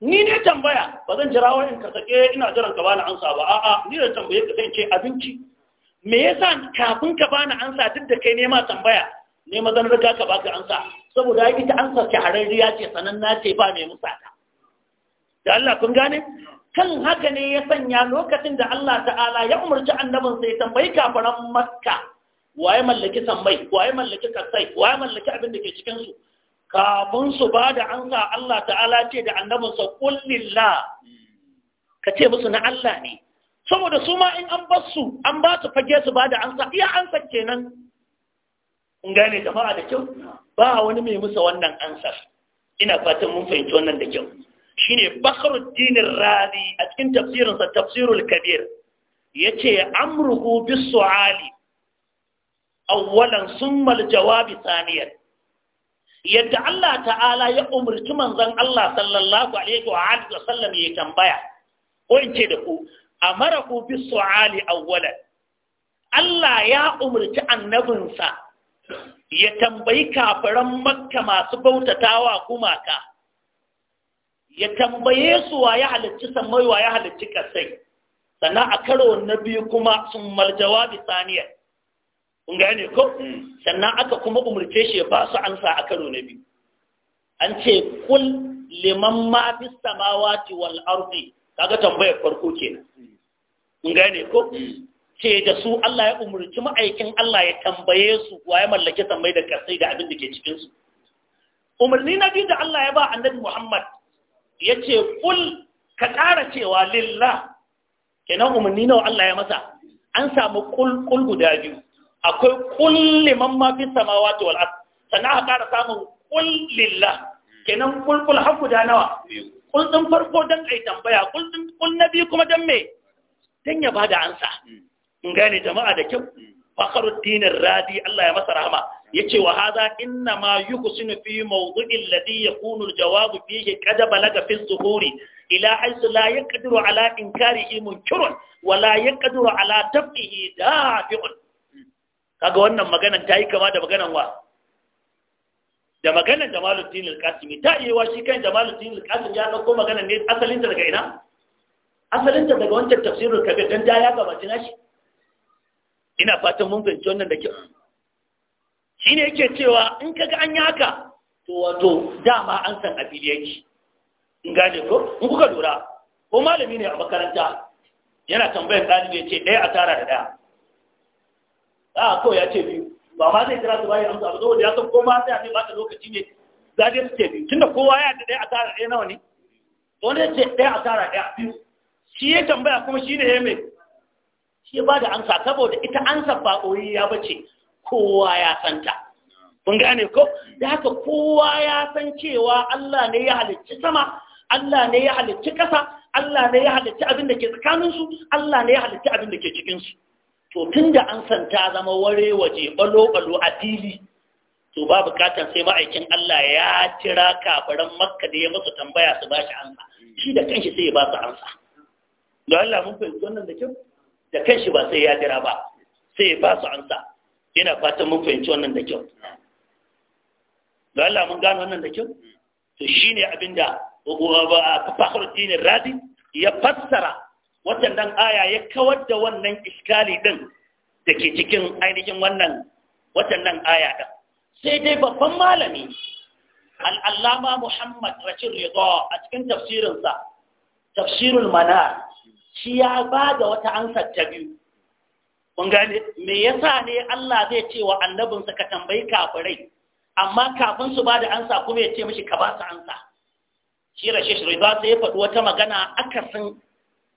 ni ne tambaya ba zan jira wani ka sake eh, ina jiran ka bani ansa ba a'a ni ne tambaye ka sai ce abinci me yasa kafin ka bani ansa duk da kai nema tambaya ne mazan rika ka baka ansa saboda ita ansa ce hararriya ce sananna ce ba mai musata da Allah kun gane kan haka ne ya sanya lokacin da Allah ta'ala ya umarci annabin sai tambayi kafaran makka waye mallaki tambayi? waye mallaki kasai waye mallaki abin da ke cikin su kafin su ba da ansa Allah ta'ala ce da annabin sa ka ce musu na Allah ne saboda su ma in an bar su an ba su fage su ba da ansa iya ansa kenan kun gane jama'a da kyau ba wani mai musa wannan ansar ina fatan mun fahimci wannan da kyau shine Fakhruddin Razi a cikin tafsirin sa Tafsirul Kabir yace amruhu bis-su'ali awwalan summa al-jawabi thaniyan yadda Allah ta'ala ya umurci manzon Allah sallallahu alaihi wa alihi wa sallam ya tambaya ko in ce da ku amaraku bis-su'ali awwalan Allah ya umurci annabinsa ya tambayi kafiran makka masu bautatawa gumaka ya tambaye su wa ya halicci samai wa ya halicci kasai sannan a karo na biyu kuma sun maljawa bisaniya kun gane ko sannan aka kuma umarce shi ba su ansa a karo na biyu an ce kul liman ma fi samawati wal ardi kaga tambayar farko kenan kun gane ko ce da su Allah ya umurci ma'aikin Allah ya tambaye su wa ya mallaki sammai da kasai da abin da ke cikin su umarni na biyu da Allah ya ba annabi Muhammad ya ce kul ka ƙara cewa lillah kenan umarni nawa Allah ya masa an samu kul kul guda biyu akwai kul liman ma fi samawati wal sannan aka ƙara samun kul lillah kenan kul kul har guda nawa kul din farko dan kai tambaya kul kul na biyu kuma dan me dan ya bada ansa in gane jama'a da kyau fakhruddin radi Allah ya masa rahama ce wa hadha inna ma yuhsinu fi mawdu'i alladhi yakunu aljawabu fihi qad balaga fi zuhuri ila haisu la yaqdiru ala in kari inkarihi munkirun wa la yaqdiru ala tabdihi dafi'un kaga wannan maganan yi kama da maganan wa da maganan Jamaluddin al-Qasimi ta yi wa shi kan Jamaluddin al-Qasimi ya dauko maganan ne asalin ta daga ina asalin ta daga wancan tafsirul kabir dan da ya gabaci nashi ina fatan mun fahimci wannan da kyau Shi ne yake cewa in kaga an yi haka to wato dama an san a yake in gane ko in kuka lura ko malami ne a makaranta yana tambayar ɗalibi ya ce ɗaya a tara da ɗaya a ah, kawai ya ce biyu ba ma zai kira su bayan amsa abu saboda ya san ko ma sai a ce ba ta lokaci ne za ta ce biyu tunda kowa ya da ɗaya a tara ɗaya nawa ne to wanda ya ce ɗaya a tara ɗaya biyu shi ya tambaya kuma shi ne ya mai shi ba da amsa saboda ita ansa ba ya bace kowa ya santa kun gane ko da haka kowa ya san cewa Allah ne ya halicci sama Allah ne ya halicci ƙasa Allah ne ya halicci abin da ke tsakaninsu Allah ne ya halicci abin da ke cikinsu to tun da an san zama ware waje balo-balo a fili to ba bukatar sai ma'aikin Allah ya tira kafiran makka da ya musu tambaya su ba shi ansa shi da kanshi sai ya ba su ansa don Allah mun fahimci wannan da kyau da shi ba sai ya jira ba sai ya fasa ansa yana fatan mun fahimci wannan da kyau da Allah mun gano wannan da kyau to shine abinda Fakhruddin Razi ya fassara wannan aya ya kawar da wannan iskali din da ke cikin ainihin wannan watannan aya din sai dai babban malami al'allama Muhammad Rashid Ridha a cikin tafsirinsa tafsirul manar shi ya ba da wata ansar ta biyu kun gane me yasa ne Allah zai ce wa annabinsa ka tambayi kafirai amma kafin su ba da ansa kuma ya ce mishi ka ba su ansa shi rashe shi ba sai ya faɗi wata magana akasin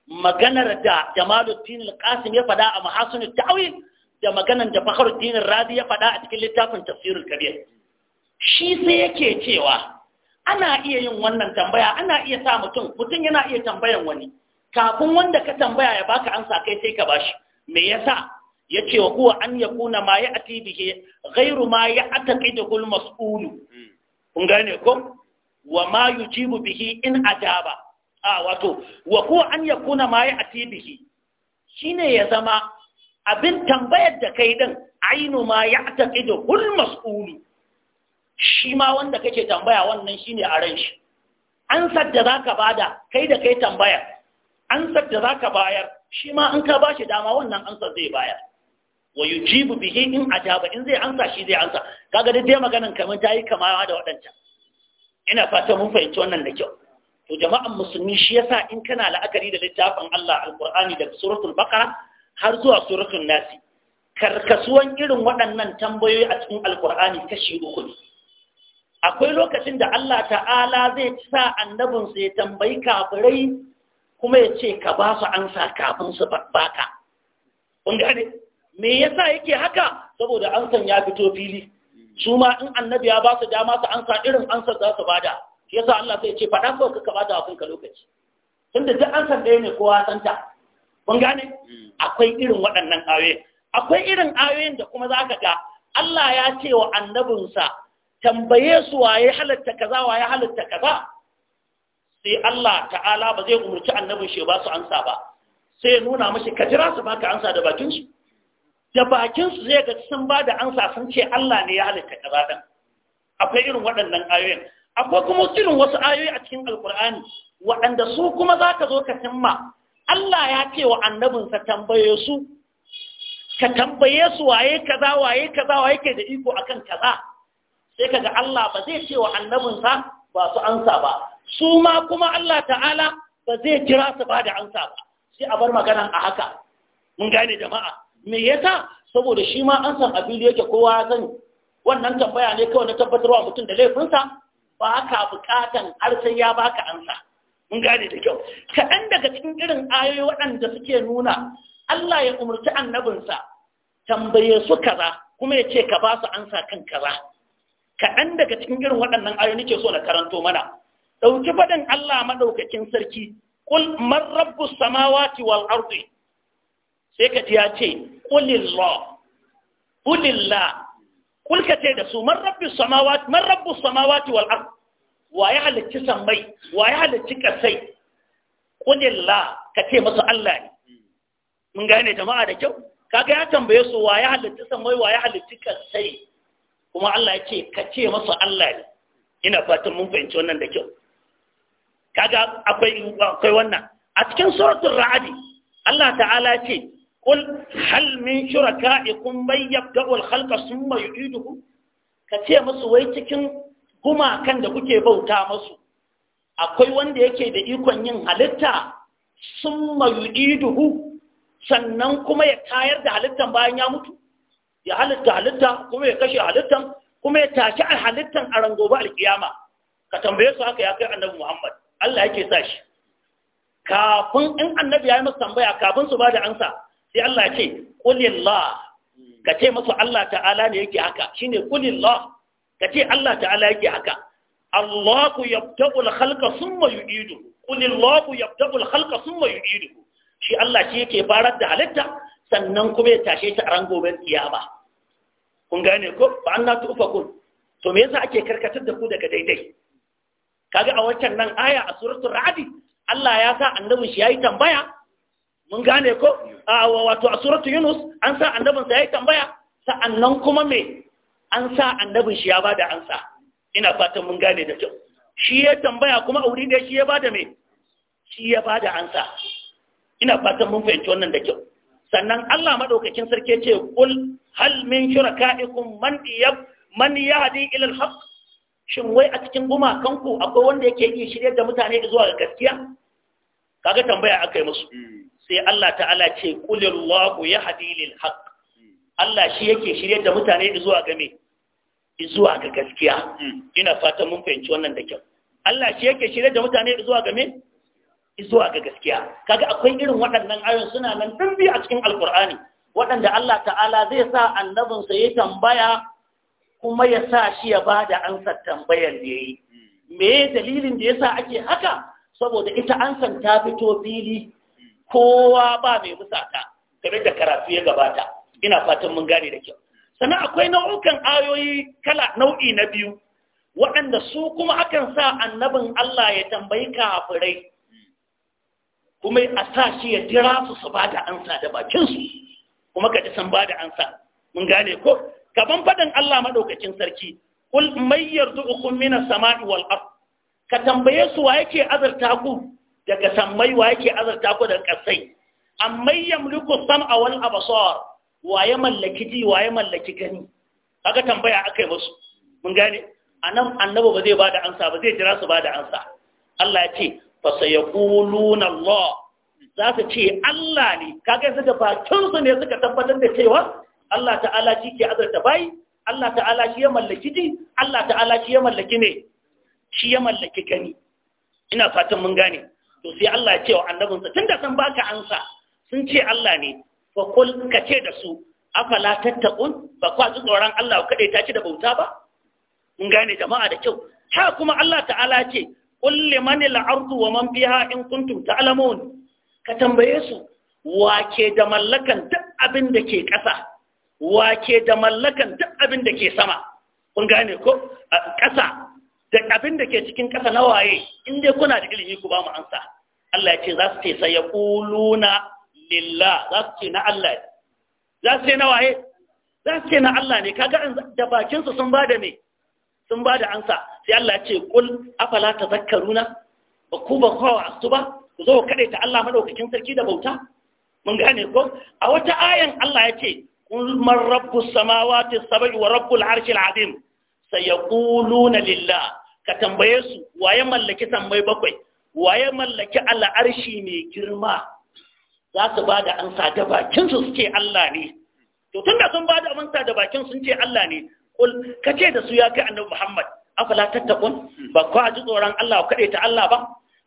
maganar da Jamalu Tinil qasim ya faɗa a Mahasunut Tawi da maganar da Tinil Razi ya faɗa a cikin littafin tafsirin Kabir shi sai yake cewa ana iya yin wannan tambaya ana iya sa mutum mutum yana iya tambayan wani kafin wanda ka tambaya ya baka amsa kai sai ka bashi me yasa yace wa kuwa an yakuna ma ati bihi ghairu ma da kul mas'ulu kun gane ko wa ma yujibu bihi in ajaba a wato wa kuwa an yakuna ma ati bihi shine ya zama abin tambayar da kai din ainu ma ya da kul mas'ulu shi ma wanda kake tambaya wannan shine a ran shi ansar da zaka bada kai da kai tambaya ansar da za ka bayar shi ma an ka ba shi dama wannan ansar zai bayar wa yujibu bihi in ajaba in zai ansa shi zai ansa kaga dai dai maganan kamar ta yi kama da waɗancan ina fata mun fahimci wannan da kyau to jama'an musulmi shi yasa in kana la'akari da littafin Allah alqur'ani da suratul baqara har zuwa suratul nasi karkasuwan irin waɗannan tambayoyi a cikin alqur'ani kashi uku ne akwai lokacin da Allah ta'ala zai sa annabinsa ya tambayi kafirai kuma ya ce ka ba su ansa kafin su baka Kunga ne me yasa yake haka saboda ansan ya fito fili su ma in annabi ya ba su dama su ansa irin ansa za su bada yasa Allah sai ce faɗa ko ka bada kafin ka lokaci tunda duk san ɗaya ne kowa san ta Kunga ne? Hmm. akwai irin waɗannan ayoyi akwai irin ayoyin da kuma za ka ga Allah ya ce wa annabinsa tambaye su waye halatta kaza waye halatta kaza sai Allah ta'ala ba zai umurci annabin shi ba su ansa ba sai ya nuna mashi ka jira su baka ansa da bakin su da bakin su zai ga sun ba da ansa sun ce Allah ne ya halitta kaza akwai irin waɗannan ayoyin akwai kuma irin wasu ayoyi a cikin alkur'ani waɗanda su kuma za ka zo ka cimma Allah ya ce wa annabin sa tambaye su ka tambaye su waye kaza waye kaza waye ke da iko akan kaza sai kaga Allah ba zai ce wa annabinsa ba su ansa ba su ma kuma Allah ta'ala ba zai kira su ba da amsa ba sai a bar magana a haka mun gane jama'a me yasa saboda shi ma an san abin yake kowa ya sani wannan tambaya ne kawai na tabbatarwa mutum da laifinsa ba ka bukatan har sai ya baka amsa mun gane da kyau kaɗan daga cikin irin ayoyi waɗanda suke nuna Allah ya umarci annabinsa tambaye su kaza kuma ya ce ka ba su ansa kan kaza kaɗan daga cikin irin waɗannan ayoyi nake so na karanto mana ɗauki faɗin Allah maɗaukakin sarki kul man rabbu samawati wal ardi sai ka ya ce kulillah kulillah kul ka ce da su man rabbu samawati man rabbu samawati wal ardi wa ya halicci sammai wa ya halicci kasai kulillah ka ce masa Allah ne mun gane jama'a da kyau kaga ya tambaye su wa ya halicci sammai wa ya halicci kasai kuma Allah ya ce ka ce masa Allah ne ina fatan mun fahimci wannan da kyau kaga akwai akwai wannan a cikin suratul ra'adi, Allah ta'ala ce qul hal min shuraka'ikum may yabda'u al-khalqa thumma yu'iduhu ce musu wai cikin gumakan da kuke bauta musu akwai wanda yake da ikon yin halitta thumma yu'iduhu sannan kuma ya tayar da halittan bayan ya mutu ya halitta halitta kuma ya kashe halittan kuma ya tashi a halittan a rangoba alkiyama ka tambaye su haka ya kai annabi Muhammad Allah yake sa shi kafin in annabi ya yi masa tambaya kafin su ba da ansa sai Allah ya ce kulillah ka ce masu Allah ta'ala ne yake haka shine kulillah ka ce Allah ta'ala yake haka Allahu yabtaqu al-khalqa thumma yu'idu kulillahu yabtaqu al-khalqa thumma yu'idu shi Allah shi yake barar da halitta sannan kuma ya tashe ta a ran gobe kiyama kun gane ko fa anna tufakun to me yasa ake karkatar da ku daga daidai kaga a waccan nan aya a suratul ra'd Allah ya sa annabin shi yayi tambaya mun gane ko a wato a suratul yunus an sa annabin sa yayi tambaya sa'annan kuma me an sa annabin shi ya bada ansa ina fatan mun gane da kyau shi ya tambaya kuma a wuri da shi ya bada me shi ya bada ansa ina fatan mun fahimci wannan da kyau sannan Allah madaukakin sarki ce kul hal min shuraka'ikum man yab man yahdi ila al-haqq shin wai a cikin gumakanku akwai wanda yake iya shirya da mutane zuwa ga gaskiya kaga tambaya aka yi musu sai Allah ta'ala ce kulillahu ya hadilil lil haqq Allah shi yake shirya da mutane zuwa ga me zuwa ga gaskiya ina fatan mun fahimci wannan da kyau Allah shi yake shirya da mutane zuwa ga me zuwa ga gaskiya kaga akwai irin waɗannan ayoyin suna nan dumbi a cikin alqur'ani waɗanda Allah ta'ala zai sa annabinsa ya tambaya kuma ya sa shi ya ba da ansar tambayar da ya yi me dalilin da ya sa ake haka saboda ita ansar ta fito fili kowa ba mai musata game da karatu ya gabata ina fatan mun gane da kyau sannan akwai nau'ukan ayoyi kala nau'i na biyu waɗanda su kuma akan sa annabin Allah ya tambayi kafirai kuma a sa shi ya jira su su ba da ansa da bakinsu kuma ka ji san ba da ansa mun gane ko kaban faɗin Allah maɗaukacin sarki kul mai yarzuqukum minas sama'i wal ard ka tambaye su wa yake azarta ku daga sammai wa yake azarta ku daga kasai amma yamliku sam'a wal absar wa ya mallaki ji wa ya mallaki gani aka tambaya akai musu mun gane anan annabi ba zai bada ansa ba zai jira su bada ansa Allah ya ce fa sayaquluna Allah za su ce Allah ne kaga su da bakin su ne suka tabbatar da cewa Allah ta'ala shi ke azarta bai Allah ta'ala shi ya mallaki ji Allah ta'ala shi ya mallaki ne shi ya mallaki gani ina fatan mun gane to sai Allah ya ce wa annabinsa tun da san baka ansa sun ce Allah ne Ba kul ka ce da su afala tattaqun ba kwa su tsoron Allah kada ta ci da bauta ba mun gane jama'a da kyau ha kuma Allah ta'ala ce qul limanil ardu wa man fiha in kuntum ta'lamun ka tambaye su wa ke da mallakan duk abin da ke ƙasa wake da mallakan duk abin da ke sama kun gane ko ƙasa da abin da ke cikin ƙasa na waye in dai kuna da ilimi ku ba mu ansa Allah ya ce za su ce sai ya kuluna lillah za su ce na Allah ne za su ce na waye za su ce na Allah ne kaga da bakin su sun bada me sun bada ansa sai Allah ya ce kul afala tazakkaruna ba ku ba kowa su ba ku zo ku kade ta Allah madaukakin sarki da bauta mun gane ko a wata ayan Allah ya ce قل من رب السماوات السبع ورب العرش العظيم سيقولون لله كتنبيس waye mallaki tambayi bakwai waye mallaki al'arshi mai girma za su ba da ansa da bakin su suke Allah ne to tunda sun ba da da bakin sun ce Allah ne kul kace dasu ya kai annabi Muhammad afala tattaqun ba ku ji tsoron Allah ku ta Allah ba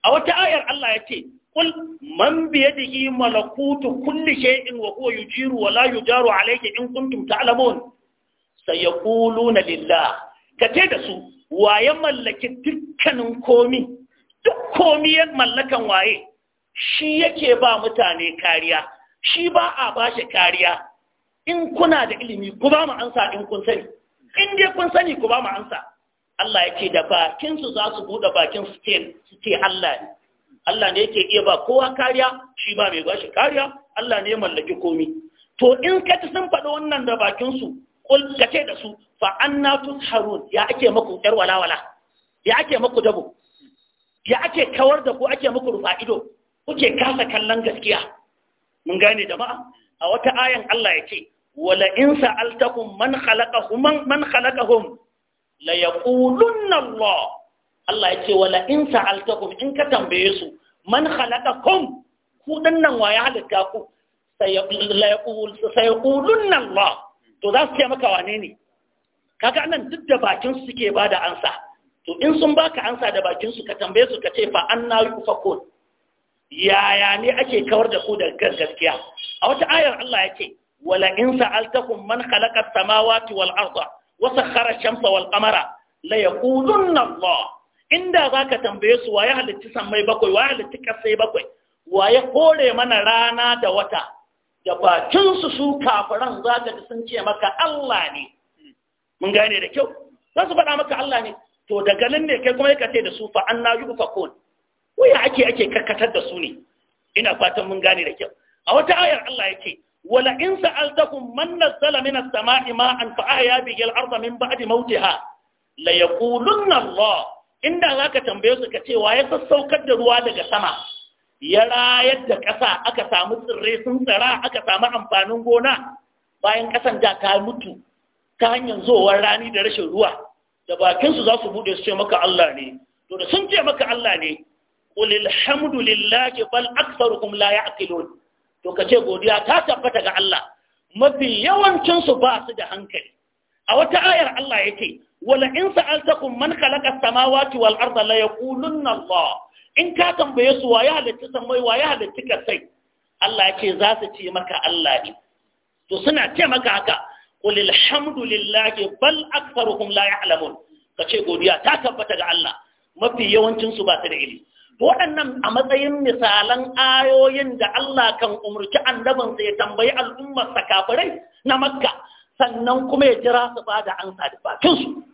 a wata ayar Allah ya ce. قل من بيده ملكوت كل شيء وهو يجير ولا يجار عليه إن كنتم تعلمون سيقولون لله كتدسوا ويملك دكان كومي duk komiyar mallakan waye shi yake ba mutane kariya shi ba a ba shi kariya in kuna da ilimi ku ba mu ansa in kun sani in dai kun sani ku ba mu ansa Allah yake da bakin su za su bude bakin su ce Allah ne Allah ne yake iya ba kowa kariya shi ba mai bashi kariya Allah ne mallaki komi to in ka ci sun faɗi wannan da bakin su kul ka ce da su fa anna tusharun ya ake maku yar walawala ya ake maku dabo ya ake kawar da ku ake maku rufa ido kuke kasa kallon gaskiya mun gane jama'a a wata ayan Allah ya ce wala in sa'altakum man khalaqahum man khalaqahum la yaqulunna Allah Allah ya ce wala in sa'altakum in ka tambaye su man khalaqakum ku dinnan wa ya halitta ku sayaqulun Allah to za su ce maka wane ne kaga nan duk da bakin su suke bada ansa to in sun baka ansa da bakin su ka tambaye su ka ce fa anna yufakun yaya ne ake kawar da ku daga gaskiya a wata ayar Allah ya ce wala in sa'altakum man khalaqa as-samawati wal arda wa sakhara ash-shamsa wal qamara la yaqulunna Allah inda za ka tambaye su waye halitti sammai bakwai waye halitti kasai bakwai waye kore mana rana da wata da bakinsu su kafiran za ka ji sun ce maka Allah ne mun gane da kyau za su faɗa maka Allah ne to da galin ne kai kuma ka ce da su fa an na yufa kon waya ake ake karkatar da su ne ina fatan mun gane da kyau a wata ayar Allah ya ce wala in sa'altakum man nazzala minas sama'i ma'an fa ahya bihi al-ardha min ba'di mawtiha la yaqulunna Allah inda za ka tambaye su ka ce wa ya sassaukar da ruwa daga sama ya rayar da ƙasa aka samu tsirrai sun tsara aka samu amfanin gona bayan ƙasan da ta mutu ta hanyar zowar rani da rashin ruwa da bakinsu za su buɗe su ce maka Allah ne to da sun ce maka Allah ne qul alhamdulillahi bal aktharukum la ya'qilun to ka ce godiya ta tabbata ga Allah mafi yawancinsu su ba su da hankali a wata ayar Allah yake wala in sa'altakum man khalaqa samawati wal arda la yaqulunna Allah in ka tambaye su waye halitta samai waye halitta kasai Allah yake za su ce maka Allah ne to suna ce maka haka qul alhamdulillahi bal aktharuhum la ya'lamun kace godiya ta tabbata ga Allah mafi yawancin su ba su da ilimi waɗannan a matsayin misalan ayoyin da Allah kan umarci annabinsa ya tambayi al'ummarsa kafirai na Makka sannan kuma ya jira su ba da ansa da bakinsu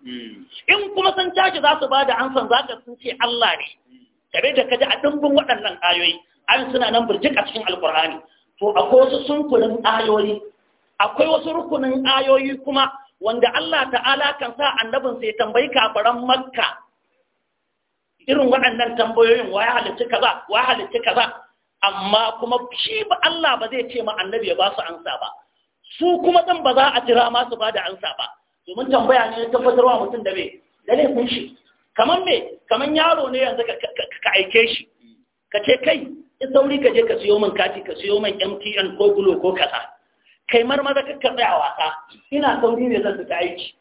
in kuma sun tashi za su ba da ansan za ka sun ce Allah ne kare da kaji a dimbin waɗannan ayoyi an suna nan burjik a cikin alkur'ani to akwai wasu sunkunin ayoyi akwai wasu rukunin ayoyi kuma wanda Allah ta'ala kan sa annabin sai tambayi kafaran makka irin waɗannan tambayoyin wa ya halicci kaza wa ya halicci kaza amma kuma shi ba Allah ba zai ce ma annabi ya ba su ansa ba su kuma ɗin ba za a jira ma su ba da ansa ba domin tambaya ne ya tabbatarwa mutum da bai da laifin shi kamar me kamar yaro ne yanzu ka aike shi ka ce kai in sauri ka je ka siyo min kati ka siyo min MTN ko Glo ko kaza kai marmaza ka karɓi a wasa ina sauri ne zan ta aiki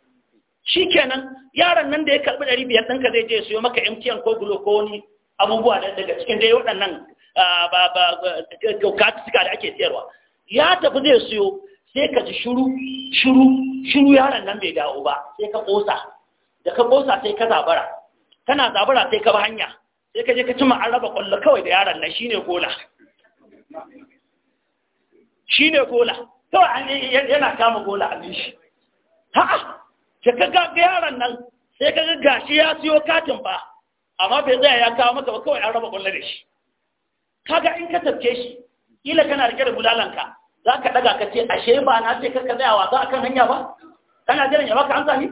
shikenan yaron nan da ya karɓi ɗari biyar ka zai je siyo maka MTN ko Glo ko wani abubuwa daga cikin dai waɗannan ba ba da ake siyarwa ya tafi zai siyo sai ka ji shiru shiru shuru yaron nan bai dawo ba sai ka kosa da ka kosa sai ka zabara kana zabara sai ka ba hanya sai ka je ka cima an raba kwallo kawai da yaron nan shine gola shine gola kawai an yana kama gola a shi ha'a ka ga yaron nan sai ka ga gashi ya siyo katin ba amma bai zai ya kawo maka ba kawai an raba kwallo da shi kaga in ka tafke shi kila kana rike da bulalanka za ka daga ka ce ashe ba na ce karka za wasa kan hanya ba kana jiran ya baka an ne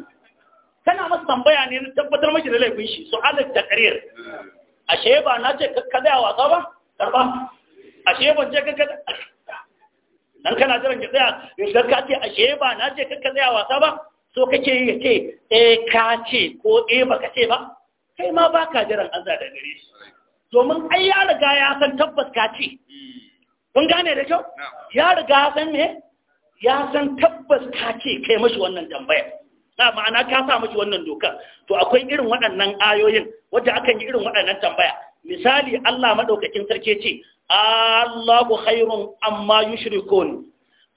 kana masa tambaya ne na tabbatar mashi da laifin shi su alif da karir ashe ba na ce karka tsaya wasa ba karba ashe ban ce karka dan kana jiran ya tsaya ya ka ce ashe ba na ce karka tsaya wasa ba so kake yi ce eh ka ce ko eh baka ce ba kai ma baka jiran an da gare shi domin ai ya riga ya san tabbas ka ce kun gane da kyau ya riga san me ya san tabbas ka ce kai mashi wannan tambaya. na ma'ana ka sa mashi wannan dokar to akwai irin waɗannan ayoyin wadda akan yi irin waɗannan tambaya misali Allah madaukakin sarki ce Allahu khairun amma yushrikun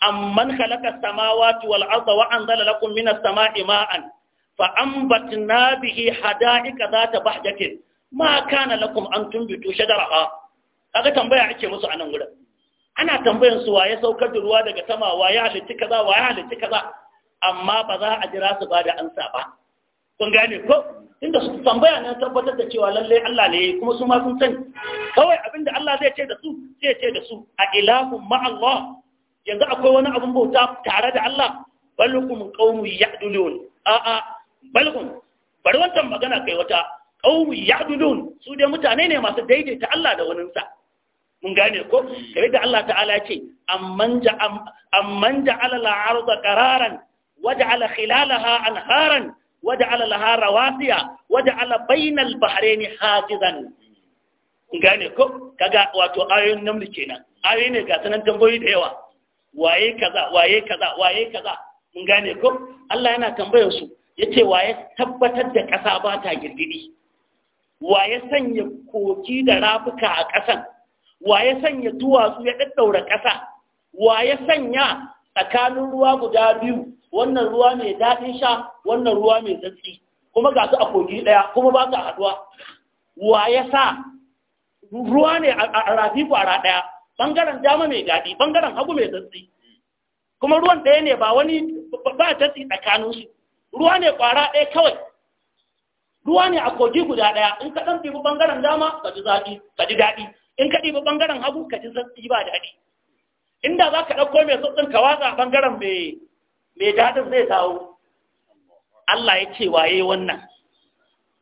amman khalaqa samawati wal arda wa anzala lakum minas samai ma'an fa anbatna bihi hadaika zata bahjatin ma kana lakum an tunbitu shajaraha kaga tambaya ake musu a nan gurin ana tambayan su waye saukar da ruwa daga sama waye halitta kaza waye halitta kaza amma ba za a jira su ba da ansa ba kun gane ko Inda su tambaya na tabbatar da cewa lalle Allah ne kuma su ma sun sani kawai abinda Allah zai ce da su zai ce da su a ma Allah? yanzu akwai wani abin bauta tare da Allah balkum qawmu ya'dulun a a balkum bari wannan magana kai wata qawmu ya'dulun su dai mutane ne masu daidaita Allah da waninsa mun gane ko kai da Allah ta'ala ce amman ja amman ja'ala al-ardha qararan waja'ala khilalaha anharan waja'ala laha rawasiya waja'ala bainal bahraini hajizan mun gane ko kaga wato ayoyin namli kenan ayoyi ne ga sanan tambayoyi da yawa waye kaza waye kaza waye kaza mun gane ko Allah yana tambayar su yace waye tabbatar da kasa ba ta girgidi waye sanya koki da rafuka a kasan? wa ya sanya duwatsu ya daddaura ƙasa wa ya sanya tsakanin ruwa guda biyu wannan ruwa mai daɗin sha wannan ruwa mai tsatsi kuma ga su a kogi ɗaya kuma ba su haɗuwa wa ya sa ruwa ne a rafi kwara ɗaya ɓangaren dama mai daɗi ɓangaren hagu mai tsatsi kuma ruwan ɗaya ne ba wani ba tsakanin tsakaninsu ruwa ne kwara ɗaya kawai ruwa ne a kogi guda ɗaya in ka ɗan ɗibi ɓangaren dama ka ji zaɗi ka ji daɗi in ka ɗiba ɓangaren hagu ka ji sassi ba daɗi inda za ka ɗauko mai sassin ka watsa ɓangaren mai daɗin zai dawo Allah ya ce waye wannan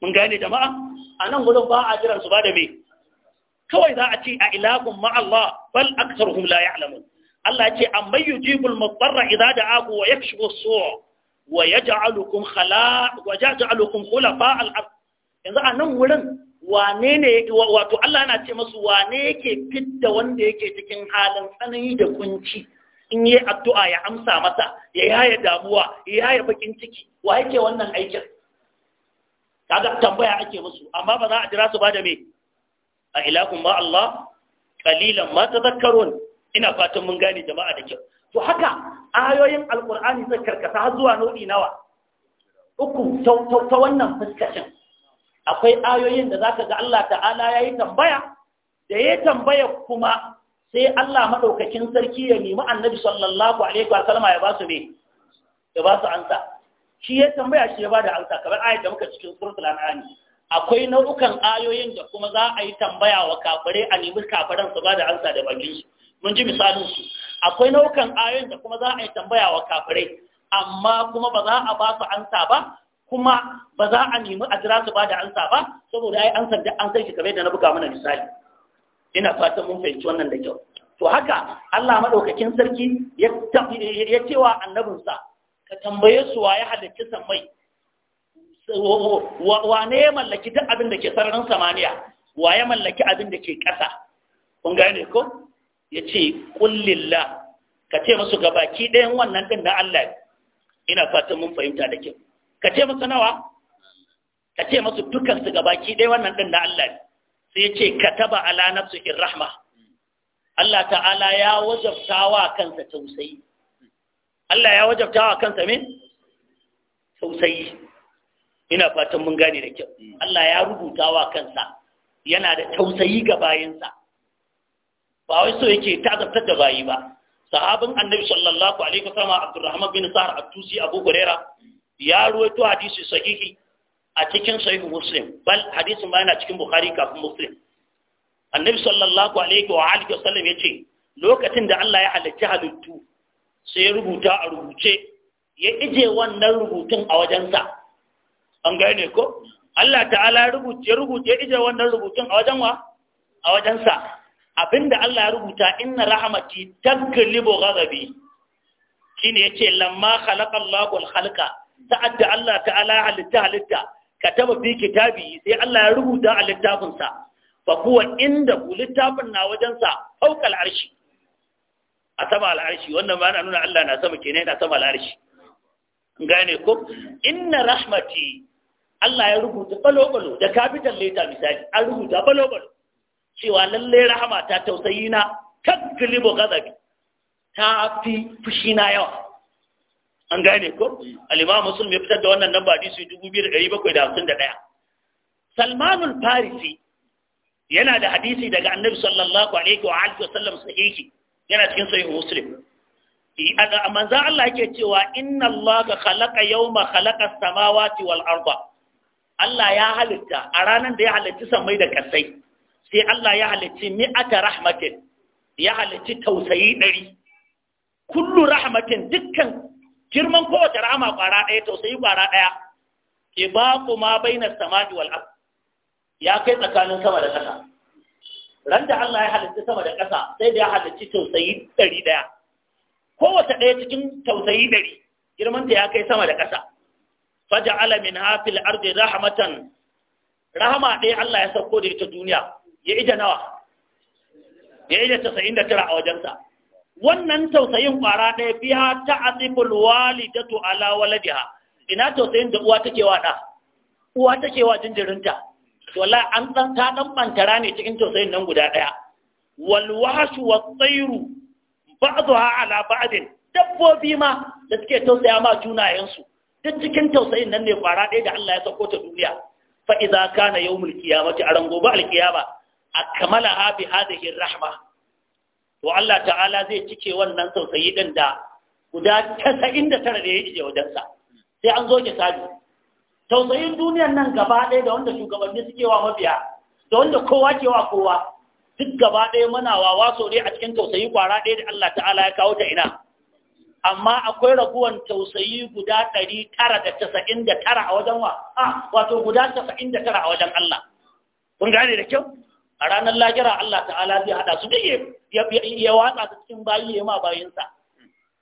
mun gane jama'a a nan gudun ba a jiran su ba da me kawai za a ce a ilahun ma Allah bal aksaruhum la ya'lamun Allah ya ce amma yujibul mudarra idza da'ahu wa yakshifu as-su' wa yaj'alukum khala wa yaj'alukum khulafa al-ard yanzu a nan wurin wane ne wato Allah yana ce masu wane yake fitta wanda yake cikin halin tsanani da kunci in yi addu'a ya amsa masa ya yaya damuwa ya yaya bakin ciki wa yake wannan aikin kaga tambaya ake musu amma ba za a jira su ba da me a ilahun ma Allah kalilan ma tazakkarun ina fatan mun gane jama'a da kyau to haka ayoyin alqur'ani zai karkasa har zuwa nau'i nawa uku ta wannan fuskacin akwai ayoyin da zaka ga Allah ta'ala yayi tambaya da ya tambaya kuma sai Allah madaukakin sarki ya nemi annabi sallallahu alaihi wa sallama ya ba su ne ya ba su ansa shi ya tambaya shi ya ba da ansa kamar ayat da muka cikin suratul an'am akwai nau'ukan ayoyin da kuma za a yi tambaya wa kafare a nemi kafaran su ba da ansa da bakin su mun ji misalin su akwai nau'ukan ayoyin da kuma za a yi tambaya wa kafare amma kuma ba za a ba su ansa ba kuma ba za a nemi a jira su ba da ansa ba saboda ai ansa da an sai shi kamar na buga mana misali ina fatan mun fahimci wannan da kyau to haka Allah madaukakin sarki ya ya cewa annabinsa ka tambaye su wa ya halicci sammai wane ya mallaki duk abin da ke sararin samaniya wa ya mallaki abin da ke kasa kun gane ko ya ce kullilla ka ce musu gabaki ɗayan wannan ɗin da Allah ina fatan mun fahimta da kyau ka ce masa nawa ka ce musu dukansu gabaki ɗaya wannan ɗin na Allah ne sai ce ka taba ala nafsihi rahma Allah ta'ala ya wajabta wa kansa tausayi Allah ya wajabta wa kansa me tausayi ina fatan mun gane da kyau Allah ya rubuta wa kansa yana da tausayi ga bayinsa ba wai so yake zarta da bayi ba sahabin annabi sallallahu alaihi wasallam Abdurrahman bin sa'ad at-Tusi Abu Hurairah ya ruwaito hadisi sahihi a cikin sahihu muslim bal hadisin ma yana cikin bukhari kafin muslim annabi sallallahu alaihi wa alihi sallam yace lokacin da Allah ya halicci halittu sai ya rubuta a rubuce ya ije wannan rubutun a wajensa an gane ko Allah ta'ala ya rubuce ya ije wannan rubutun a wajen wa a wajensa abinda Allah ya rubuta inna rahmati taglibu ghadabi shine yace lamma khalaqa Allahu al-khalqa sa'ad da Allah ta'ala halitta halitta taba fi kitabi sai Allah ya rubuta a littafinsa Ba kuwa inda ku littafin na wajensa fawqa al'arshi a sama al'arshi wannan ma na nuna Allah na sama kenan na sama al'arshi gane ko inna rahmati Allah ya rubuta balo-balo da capital leta misali an rubuta balo-balo cewa lalle rahama ta tausayi na gilibo gazabi ta fi fushi na yawa an gane ko al-imam muslim ya fitar da wannan nan ba hadisi 2751 salmanul farisi yana da hadisi daga annabi sallallahu alaihi wa alihi wa sallam sahihi yana cikin sahih muslim manzo Allah yake cewa inna Allah allaha khalaqa yawma khalaqa as-samawati wal arda Allah ya halitta a ranar da ya halitta samai da kasai sai Allah ya halitta mi'ata rahmatin ya halitta tausayi dari kullu rahmatin dukkan girman kowace rama kwara ɗaya tausayi kwara ɗaya ke ba ku ma bainar samadi wal ya kai tsakanin sama da ƙasa ran da Allah ya halitta sama da ƙasa sai da ya halicci tausayi ɗari ɗaya kowace ɗaya cikin tausayi ɗari girmanta ya kai sama da ƙasa faja alamin hafil ardi rahmatan rahama ɗaya Allah ya sauko da ita duniya ya ija nawa ya ija tasa'in da tara a wajensa wannan tausayin ƙwara ɗaya biya ta asibul walidatu ala waladiha ina tausayin da uwa take wa ɗa uwa take wa jinjirinta wala an san ta dan bantara ne cikin tausayin nan guda ɗaya wal washu wa tsairu ba'dha ala ba'din dabbobi ma da suke tausaya ma junayen su. duk cikin tausayin nan ne ƙwara ɗaya da Allah ya sauko ta duniya fa idza kana yawmul qiyamati aran gobe alqiyama akmalaha bi hadhihi rahma to Allah ta'ala zai cike wannan sausayi din da guda 99 da ya ije wajensa sai an zo misali tausayin duniyar nan gaba ɗaya da wanda shugabanni suke wa mabiya da wanda kowa ke wa kowa duk gaba ɗaya muna wawa waso ne a cikin tausayi kwara ɗaya da Allah ta'ala ya kawo ta ina amma akwai raguwan tausayi guda ɗari a wajen wa a ah, wato guda casa'in da tara a wajen Allah kun gane da kyau a ranar lahira Allah ta'ala zai hada su da ya watsa su cikin bayi ya ma bayinsa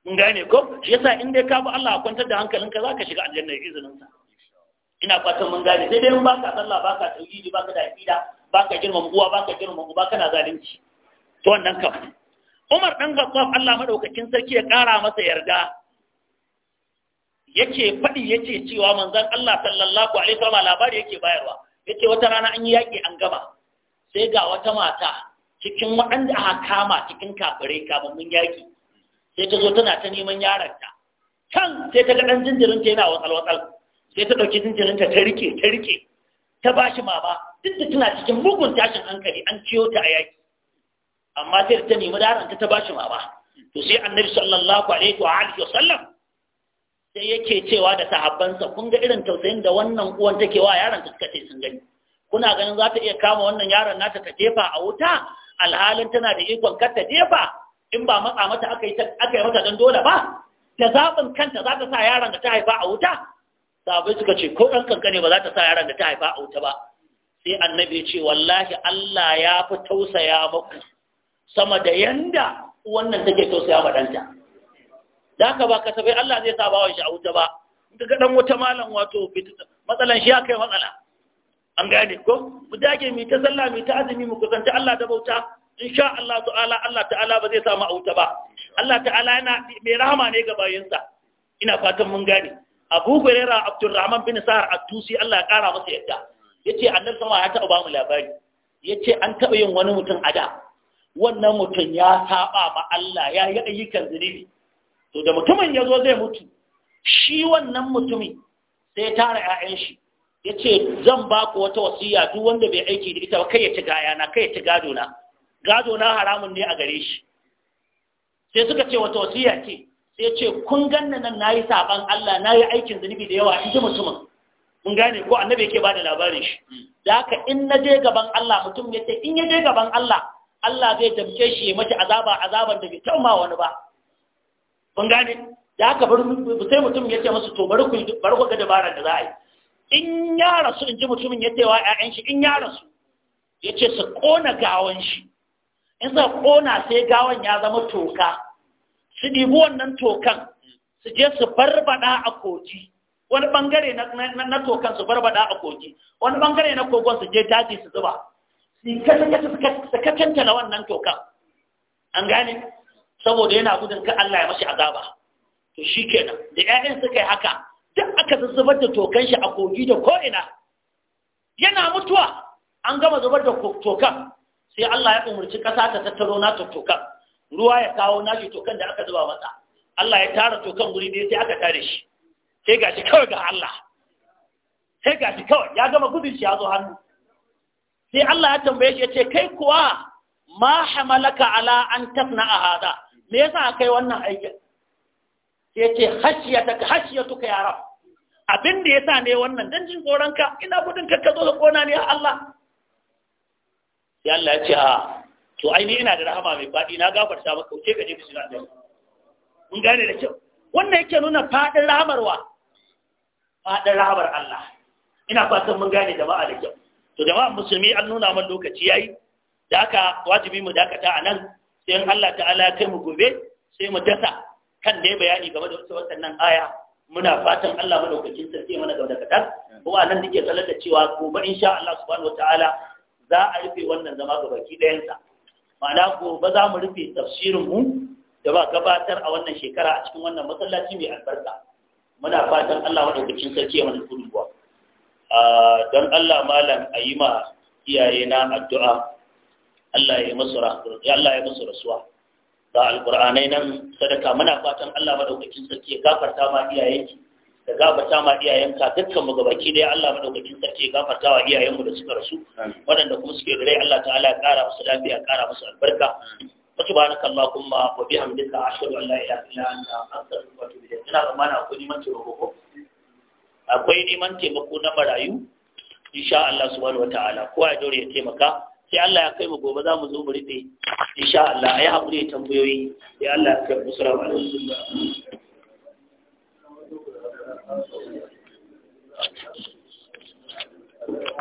mun gane ko shi yasa in dai ka bi Allah kwantar da hankalinka ka shiga aljanna izinin sa ina fatan mun gane sai dai in baka sallah baka tauhidi baka da aqida baka girmama uwa baka girmama uba kana zalunci to wannan kam Umar dan Khattab Allah madaukakin sarki ya kara masa yarda yake faɗi yake cewa manzon Allah sallallahu alaihi wasallam labari yake bayarwa yake wata rana an yi yaki an gama sai ga wata mata cikin waɗanda aka kama cikin kafirai kamammin yaƙi sai ta zo tana ta neman yaronta can sai ta ga ɗan jinjirinta yana watsal-watsal sai ta ɗauki jinjirinta ta rike ta rike ta ba shi mama duk da tana cikin bugun tashin hankali an ciyo ta a yaƙi amma sai ta nemi yaronta ta ba shi mama to sai annabi sallallahu alaihi wa alihi wa sallam sai yake cewa da sahabbansa kun ga irin tausayin da wannan uwan take wa yaronta suka ce sun gani kuna ganin za ta iya kama wannan yaron nata ta jefa a wuta alhalin tana da ikon kar ta jefa in ba matsa mata aka yi aka yi mata don dole ba da zaɓin kanta za ta sa yaron da ta haifa a wuta sabai suka ce ko ɗan kankane ba za ta sa yaron da ta haifa a wuta ba sai annabi ce wallahi Allah ya fi tausaya muku sama da yanda wannan take tausaya ma ɗanta da haka ba kasafai Allah zai sa bawan shi a wuta ba in ka ga dan wuta malam wato matsalan shi ya kai matsala an gane ko mu dage mu ta sallah mu ta azumi mu kusanci Allah da bauta insha Allah ta'ala Allah ta'ala ba zai samu auta ba Allah ta'ala yana mai rahama ne ga bayinsa ina fatan mun gane Abu Hurairah Abdurrahman bin Sa'ar At-Tusi Allah ya kara masa yadda yace annabi sama ya taɓa bamu mu labari yace an taɓa yin wani mutum a da wannan mutum ya saba ma Allah ya yi ayyukan zunubi to da mutumin ya zo zai mutu shi wannan mutumin sai tara 'ya'yan shi ya ce zan ba ku wata wasiya duk wanda bai aiki da ita ba kai ya ci gayana kai ya ci gadona gadona haramun ne a gare shi sai suka ce wata wasiya ce sai ce kun ganna nan na yi Allah na yi aikin zunubi da yawa inji mutumin mun gane ko annabi yake bada labarin shi da haka in na je gaban Allah mutum ya ce in ya je gaban Allah Allah zai tamke shi ya mace azaba azaban da bai tauma wani ba mun gane da haka bari sai mutum ya ce masa to bari ku bari ku ga dabaran da za a yi in ya rasu in ji mutumin ya wa ‘ya'yan shi in ya rasu ya ce su ƙona gawan shi in za ƙona sai gawan ya zama toka su ɗibi wannan tokan su je su barbada a koji. wani ɓangare na tokan su barbada a koji. wani ɓangare na kogon su je daji su zuba su kacanta na wannan tokan an gane saboda yana gudun ka Allah ya mashi azaba to shi kenan da ‘ya'yan suka yi haka duk aka zubar da tokan shi a kogi da ko'ina yana mutuwa an gama zubar da tokan sai Allah ya umarci ƙasa ta tattaro na tokan ruwa ya kawo nashi tokan da aka zuba masa Allah ya tara tokan guri ne sai aka tare shi sai ga shi kawai ga Allah sai ga shi kawai ya gama gudun shi ya zo hannu sai Allah ya tambaye shi ya ce kai kuwa ma hamalaka ala an tafna a hada me yasa kai wannan aikin sai ce hashiyataka hashiyatuka ya rab abin da yasa ne wannan dan jin tsoronka ina gudun ka zo ka kona ne Allah sai Allah ya ce a to ai ni ina da rahama mai fadi na gafarta maka wuce ka je ka shiga mun gane da kyau wannan yake nuna fadin rahamarwa fadin rahamar Allah ina fatan mun gane jama'a da kyau to jama'a musulmi an nuna mun lokaci yayi da aka wajibi mu dakata a nan, sai Allah ta'ala ya kai mu gobe sai mu dasa kan da ya bayani game da wasu waɗannan aya muna fatan Allah madaukakin sarki mana gaba da kadar kuma nan nake tsallar da cewa gobe insha Allah subhanahu wataala za a rufe wannan zama ga baki sa ma'ana gobe za mu rufe tafsirin mu da ba gabatar a wannan shekara a cikin wannan masallaci mai albarka muna fatan Allah madaukakin sarki ya mana kuwa. don Allah malam a iyaye na addu'a Allah ya masu rasuwa ga alƙur'anai nan sadaka muna fatan Allah madaukakin sarki ya gafarta ma iyayenki da gafarta ma iyayenka dukkan mu gabaki dai Allah madaukakin sarki ya gafarta wa iyayenmu da suka rasu waɗanda kuma suke da rai Allah ta'ala ya ƙara musu lafiya ƙara musu albarka subhanaka allahumma wa bihamdika ashhadu an la ilaha illa anta astaghfiruka wa atubu ilayk ina zamana akwai neman taimako akwai neman taimako na marayu insha Allah subhanahu wa ta'ala kowa ya dore ya taimaka sai Allah ya kai mu gobe za mu zo mu rufe insha Allah ayi hakuri tambayoyi sai Allah ya kai mu salamu alaikum